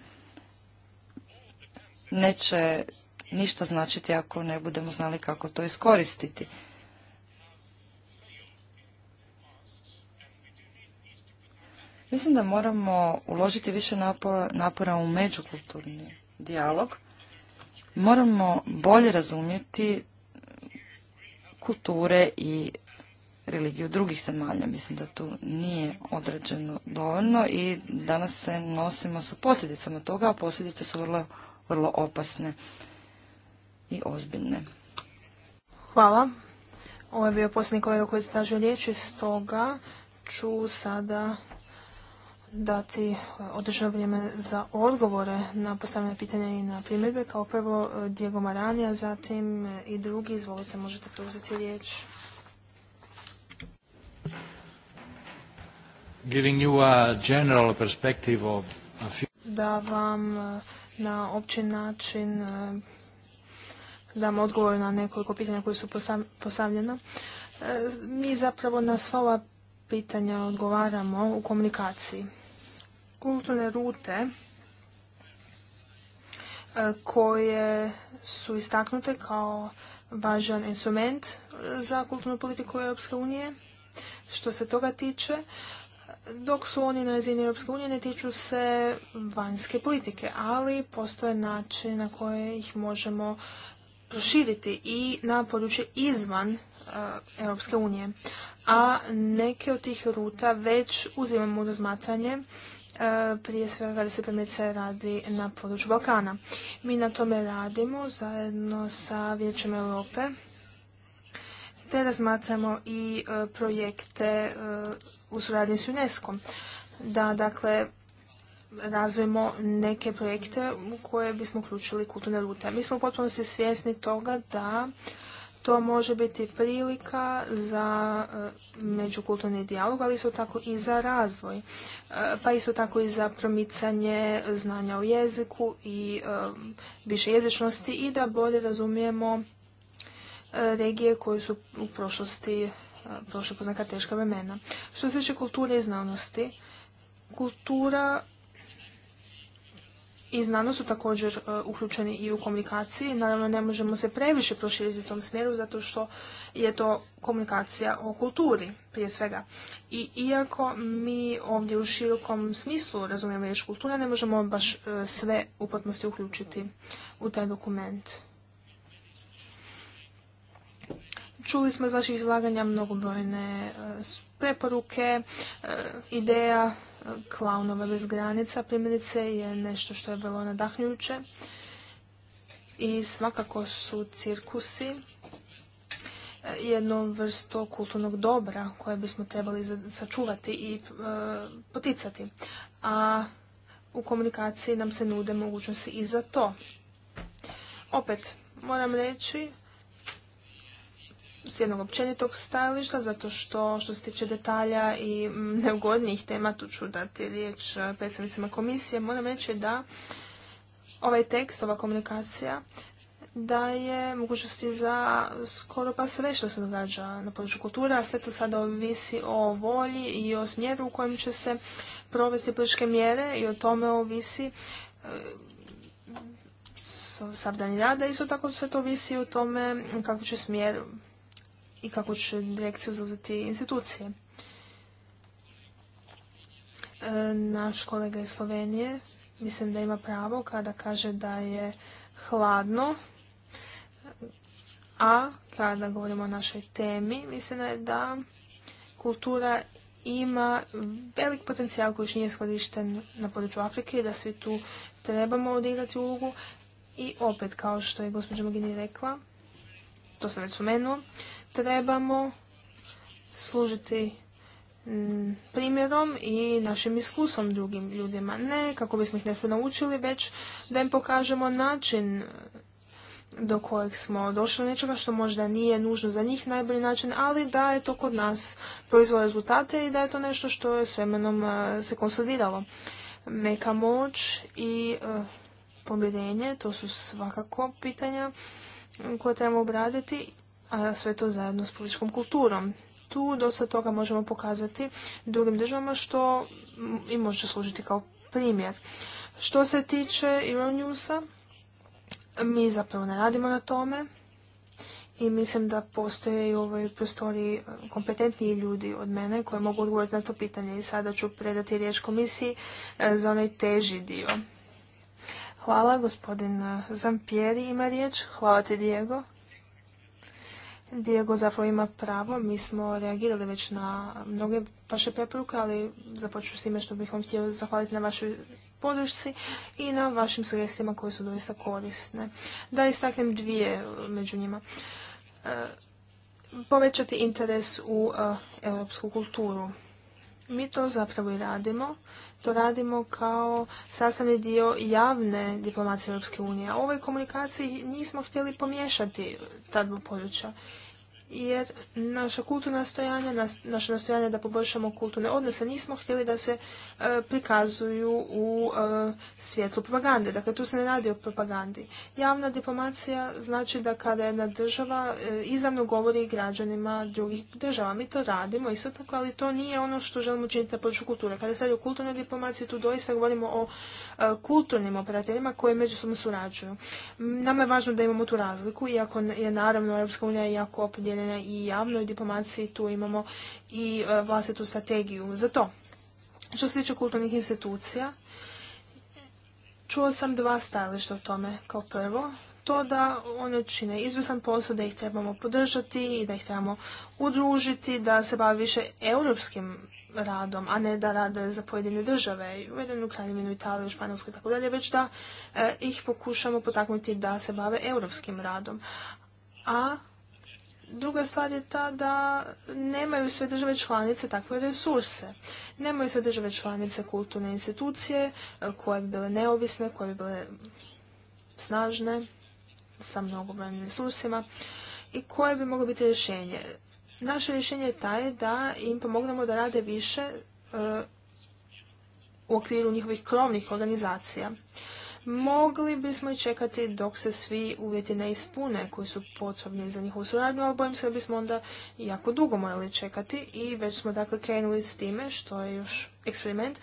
neće ništa značiti ako ne budemo znali kako to iskoristiti. Mislim da moramo uložiti više napora, u međukulturni dijalog. Moramo bolje razumjeti kulture i religiju drugih zemalja. Mislim da tu nije određeno dovoljno i danas se nosimo sa posljedicama toga, a posljedice su vrlo, vrlo opasne i ozbiljne. Hvala. Ovo je bio posljednji kolega koji je riječi, stoga ću sada dati e, održano za odgovore na postavljene pitanja i na primjedbe. Kao prvo e, Diego Maranija, zatim e, i drugi. Izvolite, možete preuzeti riječ. Da vam na opći način dam odgovor na nekoliko pitanja koje su postavljena. Mi zapravo na sva ova pitanja odgovaramo u komunikaciji kulturne rute e, koje su istaknute kao važan instrument za kulturnu politiku Europske unije. Što se toga tiče, dok su oni na razini Europske unije ne tiču se vanjske politike, ali postoje način na koje ih možemo proširiti i na područje izvan e, Europske unije. A neke od tih ruta već uzimamo u razmatranje E, prije svega kada se primjerice radi na području Balkana. Mi na tome radimo zajedno sa Vijećem Europe te razmatramo i e, projekte e, u suradnji s UNESCO. Da, dakle, razvojimo neke projekte u koje bismo uključili kulturne rute. Mi smo potpuno svjesni toga da to može biti prilika za e, međukulturni dijalog, ali isto tako i za razvoj, e, pa isto tako i za promicanje znanja u jeziku i e, više jezičnosti i da bolje razumijemo regije koje su u prošlosti prošle poznaka teška vremena. Što se tiče kulture i znanosti, kultura i znanost su također e, uključeni i u komunikaciji. Naravno, ne možemo se previše proširiti u tom smjeru zato što je to komunikacija o kulturi prije svega. I iako mi ovdje u širokom smislu razumijemo riječ kultura, ne možemo baš e, sve upotnosti uključiti u taj dokument. Čuli smo iz vaših izlaganja mnogobrojne e, preporuke, e, ideja e, klaunova bez granica primjerice je nešto što je vrlo nadahnjuće. i svakako su cirkusi e, jednom vrsto kulturnog dobra koje bismo trebali sačuvati i poticati. A u komunikaciji nam se nude mogućnosti i za to. Opet, moram reći s jednog općenitog stajališta, zato što što se tiče detalja i mm, neugodnijih tema, tu ću dati riječ e, predstavnicima komisije, moram reći da ovaj tekst, ova komunikacija daje mogućnosti za skoro pa sve što se događa na području kultura, a sve to sada ovisi o volji i o smjeru u kojem će se provesti političke mjere i o tome ovisi e, sav dan rada. Isto tako sve to ovisi o tome kako će smjer i kako će direkciju zauzeti institucije. E, naš kolega iz Slovenije mislim da ima pravo kada kaže da je hladno, a kada govorimo o našoj temi, mislim da je kultura ima velik potencijal koji nije iskorišten na području Afrike i da svi tu trebamo odigrati ulogu. I opet, kao što je gospođa Mogini rekla, to sam već spomenuo, trebamo služiti mm, primjerom i našim iskusom drugim ljudima. Ne kako bismo ih nešto naučili, već da im pokažemo način e, do kojeg smo došli nečega što možda nije nužno za njih najbolji način, ali da je to kod nas proizvoj rezultate i da je to nešto što je s vremenom e, se konsolidiralo. Meka moć i e, pobjedenje, to su svakako pitanja koje trebamo obraditi, a sve to zajedno s političkom kulturom. Tu dosta toga možemo pokazati drugim državama što i može služiti kao primjer. Što se tiče Euronewsa, mi zapravo ne radimo na tome i mislim da postoje i u ovoj prostoriji kompetentniji ljudi od mene koji mogu odgovoriti na to pitanje i sada ću predati riječ komisiji eh, za onaj teži dio Hvala, gospodin Zampieri ima riječ. Hvala ti, Diego. Diego zapravo ima pravo, mi smo reagirali već na mnoge vaše preporuke, ali započu s time što bih vam htio zahvaliti na vašoj podršci i na vašim sugestijama koje su doista korisne. Da istaknem dvije među njima. E, povećati interes u e, europsku kulturu. Mi to zapravo i radimo to radimo kao sastavni dio javne diplomacije Europske unije. ovoj komunikaciji nismo htjeli pomiješati ta dva područja jer naša kulturna nastojanja, naše nastojanje da poboljšamo kulturne odnose nismo htjeli da se e, prikazuju u svijetu svjetlu propagande. Dakle, tu se ne radi o propagandi. Javna diplomacija znači da kada jedna država e, izravno govori građanima drugih država. Mi to radimo isto tako, ali to nije ono što želimo učiniti na području kulture. Kada se radi o kulturnoj diplomaciji, tu doista govorimo o e, kulturnim operaterima koji međusobno surađuju. Nama je važno da imamo tu razliku, iako je naravno Europska unija jako E, i javnoj diplomaciji, tu imamo i e, vlastitu strategiju za to. Što se tiče kulturnih institucija, čuo sam dva stajališta o tome. Kao prvo, to da one čine izvrstan posao, da ih trebamo podržati i da ih trebamo udružiti, da se bave više europskim radom, a ne da rade za pojedine države, i uvedenu Kraljevinu, Italiju, Španjolsku i tako dalje, već da e, ih pokušamo potaknuti da se bave europskim radom. A Druga stvar je ta da nemaju sve države članice takve resurse. Nemaju sve države članice kulturne institucije e, koje bi bile neovisne, koje bi bile snažne, sa mnogobrojnim resursima i koje bi moglo biti rješenje. Naše rješenje je taj da im pomognemo da rade više e, u okviru njihovih krovnih organizacija mogli bismo i čekati dok se svi uvjeti ne ispune koji su potrebni za njihovu suradnju, ali bojim se da bismo onda jako dugo morali čekati i već smo dakle krenuli s time što je još eksperiment,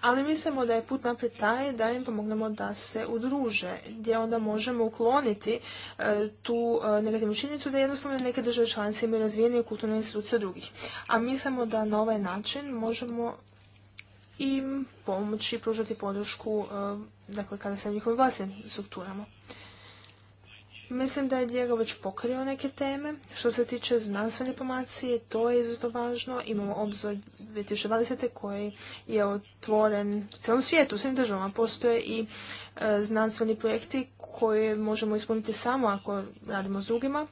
ali mislimo da je put naprijed taj da im pomognemo da se udruže, gdje onda možemo ukloniti e, tu e, negativnu činjenicu da jednostavno neke države članice imaju razvijenije kulturne institucije drugih. A mislimo da na ovaj način možemo im pomoći pružati podršku e, dakle, kada se u njihovim vlastnim strukturama. Mislim da je Diego već pokrio neke teme. Što se tiče znanstvene informacije, to je izuzetno važno. Imamo obzor 2020. koji je otvoren cijelom svijetu, u svim državama. Postoje i e, znanstveni projekti koje možemo ispuniti samo ako radimo s drugima.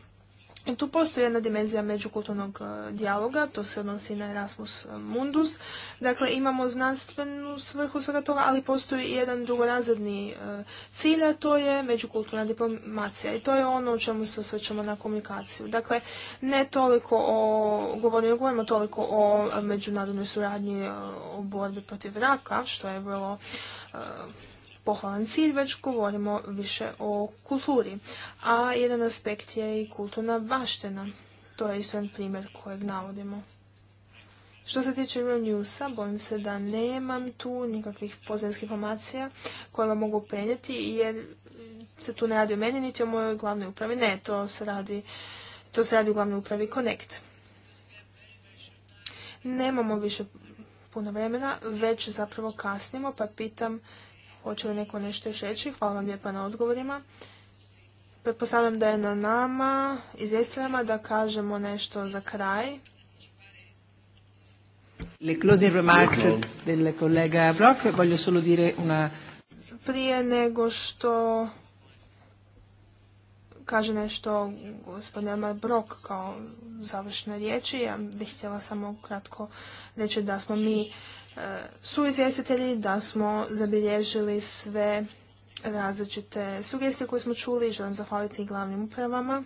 I tu postoji jedna dimenzija međukulturnog e, dijaloga, to se odnosi na Erasmus e, Mundus. Dakle, imamo znanstvenu svrhu svega toga, ali postoji i jedan drugorazredni e, cilj, a to je međukulturna diplomacija. I to je ono u čemu se osvećamo na komunikaciju. Dakle, ne toliko o, govorimo, govorimo toliko o međunarodnoj suradnji o borbi protiv raka, što je vrlo pohvalan cilj, već govorimo više o kulturi. A jedan aspekt je i kulturna baština. To je isto jedan primjer kojeg navodimo. Što se tiče Real Newsa, bojim se da nemam tu nikakvih pozivskih informacija koje vam mogu prenijeti, jer se tu ne radi o meni, niti o mojoj glavnoj upravi. Ne, to se radi, to se radi u glavnoj upravi Connect. Nemamo više puno vremena, već zapravo kasnimo, pa pitam Hoće li neko nešto još reći? Hvala vam lijepa na odgovorima. Pretpostavljam da je na nama, izvjestiteljama, da kažemo nešto za kraj. Le closing remarks del collega Brock, voglio solo dire Prije nego što kaže nešto gospodin Elmar Brok kao završne riječi, ja bih htjela samo kratko reći da smo mi su izvjestitelji da smo zabilježili sve različite sugestije koje smo čuli i želim zahvaliti i glavnim upravama.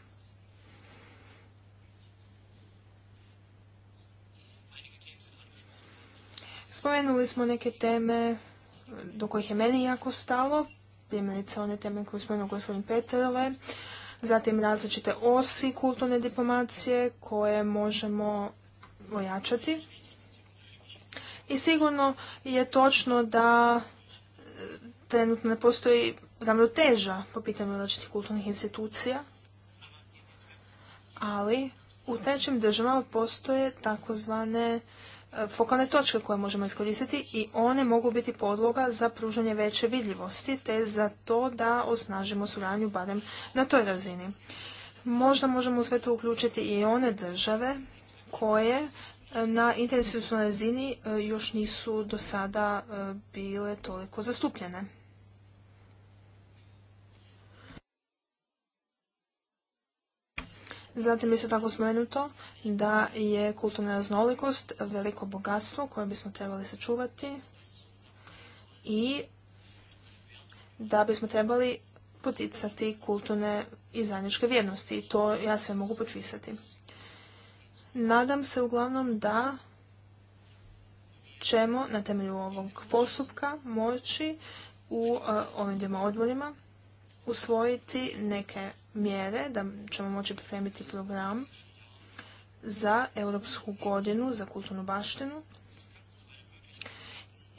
Spomenuli smo neke teme do kojih je meni jako stalo, primjerice one teme koje je spomenuo gospodin Petrove, zatim različite osi kulturne diplomacije koje možemo ojačati. I sigurno je točno da e, trenutno ne postoji ravnoteža po pitanju različitih kulturnih institucija, ali u trećim državama postoje takozvane e, fokalne točke koje možemo iskoristiti i one mogu biti podloga za pružanje veće vidljivosti te za to da osnažimo suradnju barem na toj razini. Možda možemo u sve to uključiti i one države koje na internacionalnoj razini e, još nisu do sada e, bile toliko zastupljene. Zatim isto tako spomenuto da je kulturna raznolikost veliko bogatstvo koje bismo trebali sačuvati i da bismo trebali poticati kulturne i zajedničke vrijednosti. I to ja sve mogu potpisati. Nadam se uglavnom da ćemo na temelju ovog postupka moći u e, ovim dvima odborima usvojiti neke mjere, da ćemo moći pripremiti program za Europsku godinu za kulturnu baštinu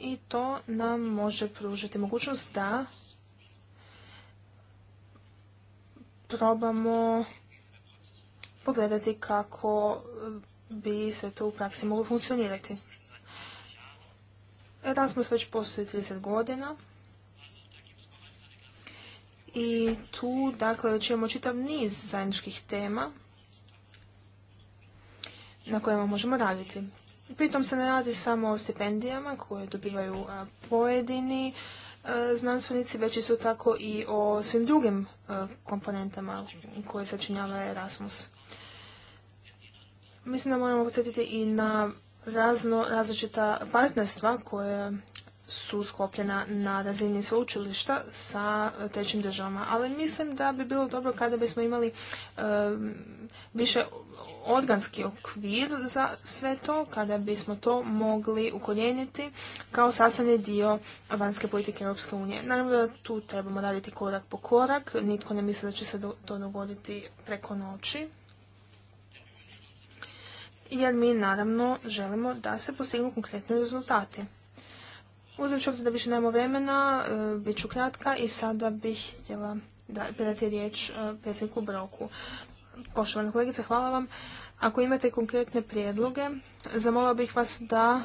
i to nam može pružiti mogućnost da probamo pogledati kako e, bi sve to u praksi moglo funkcionirati. Erasmus već postoji 30 godina i tu dakle već imamo čitav niz zajedničkih tema na kojima možemo raditi. Pritom se ne radi samo o stipendijama koje dobivaju e, pojedini e, znanstvenici, već su tako i o svim drugim komponentama koje činjava Erasmus. Mislim da moramo podsjetiti i na razno različita partnerstva koje su sklopljena na razini sveučilišta sa trećim državama. Ali mislim da bi bilo dobro kada bismo imali više organski okvir za sve to, kada bismo to mogli ukorijeniti kao sastavni dio vanjske politike Europske unije. Naravno da tu trebamo raditi korak po korak, nitko ne misli da će se to dogoditi preko noći jer mi naravno želimo da se postignu konkretni rezultati. Uzim ću obzir da više nemamo vremena, e, bit ću kratka i sada bih htjela da predati riječ e, predsjedniku Broku. Poštovana kolegice, hvala vam. Ako imate konkretne prijedloge, zamolila bih vas da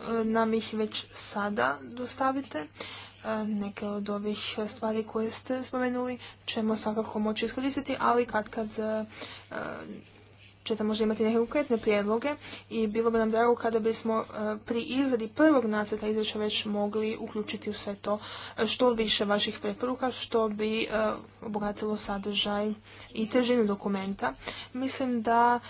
e, nam ih već sada dostavite. Neke od ovih stvari koje ste spomenuli ćemo svakako moći iskoristiti, ali kad kad ćete možda imati neke konkretne prijedloge i bilo bi nam drago kada bismo e, pri izradi prvog nacrta izvješća već mogli uključiti u sve to e, što više vaših preporuka, što bi e, obogatilo sadržaj i težinu dokumenta. Mislim da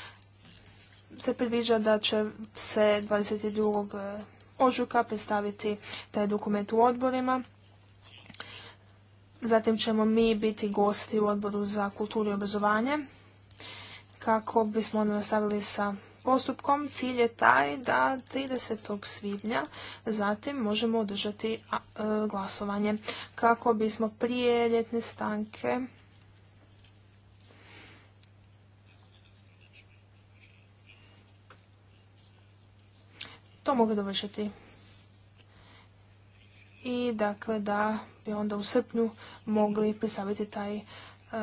se predviđa da će se 22. ožujka predstaviti taj dokument u odborima. Zatim ćemo mi biti gosti u odboru za kulturu i obrazovanje kako bismo onda nastavili sa postupkom. Cilj je taj da 30. svibnja zatim možemo održati e, glasovanje kako bismo prije ljetne stanke to mogli dovršiti. I dakle da bi onda u srpnju mogli predstaviti taj E,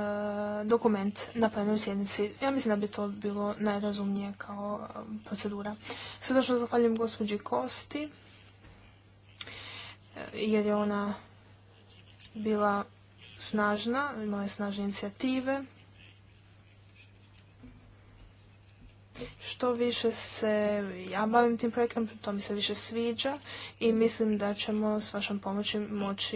dokument na plenoj sjednici. Ja mislim da bi to bilo najrazumnije kao e, procedura. što zahvaljujem gospođi Kosti e, jer je ona bila snažna, imala je snažne inicijative. Što više se ja bavim tim projektom, to mi se više sviđa i mislim da ćemo s vašom pomoći moći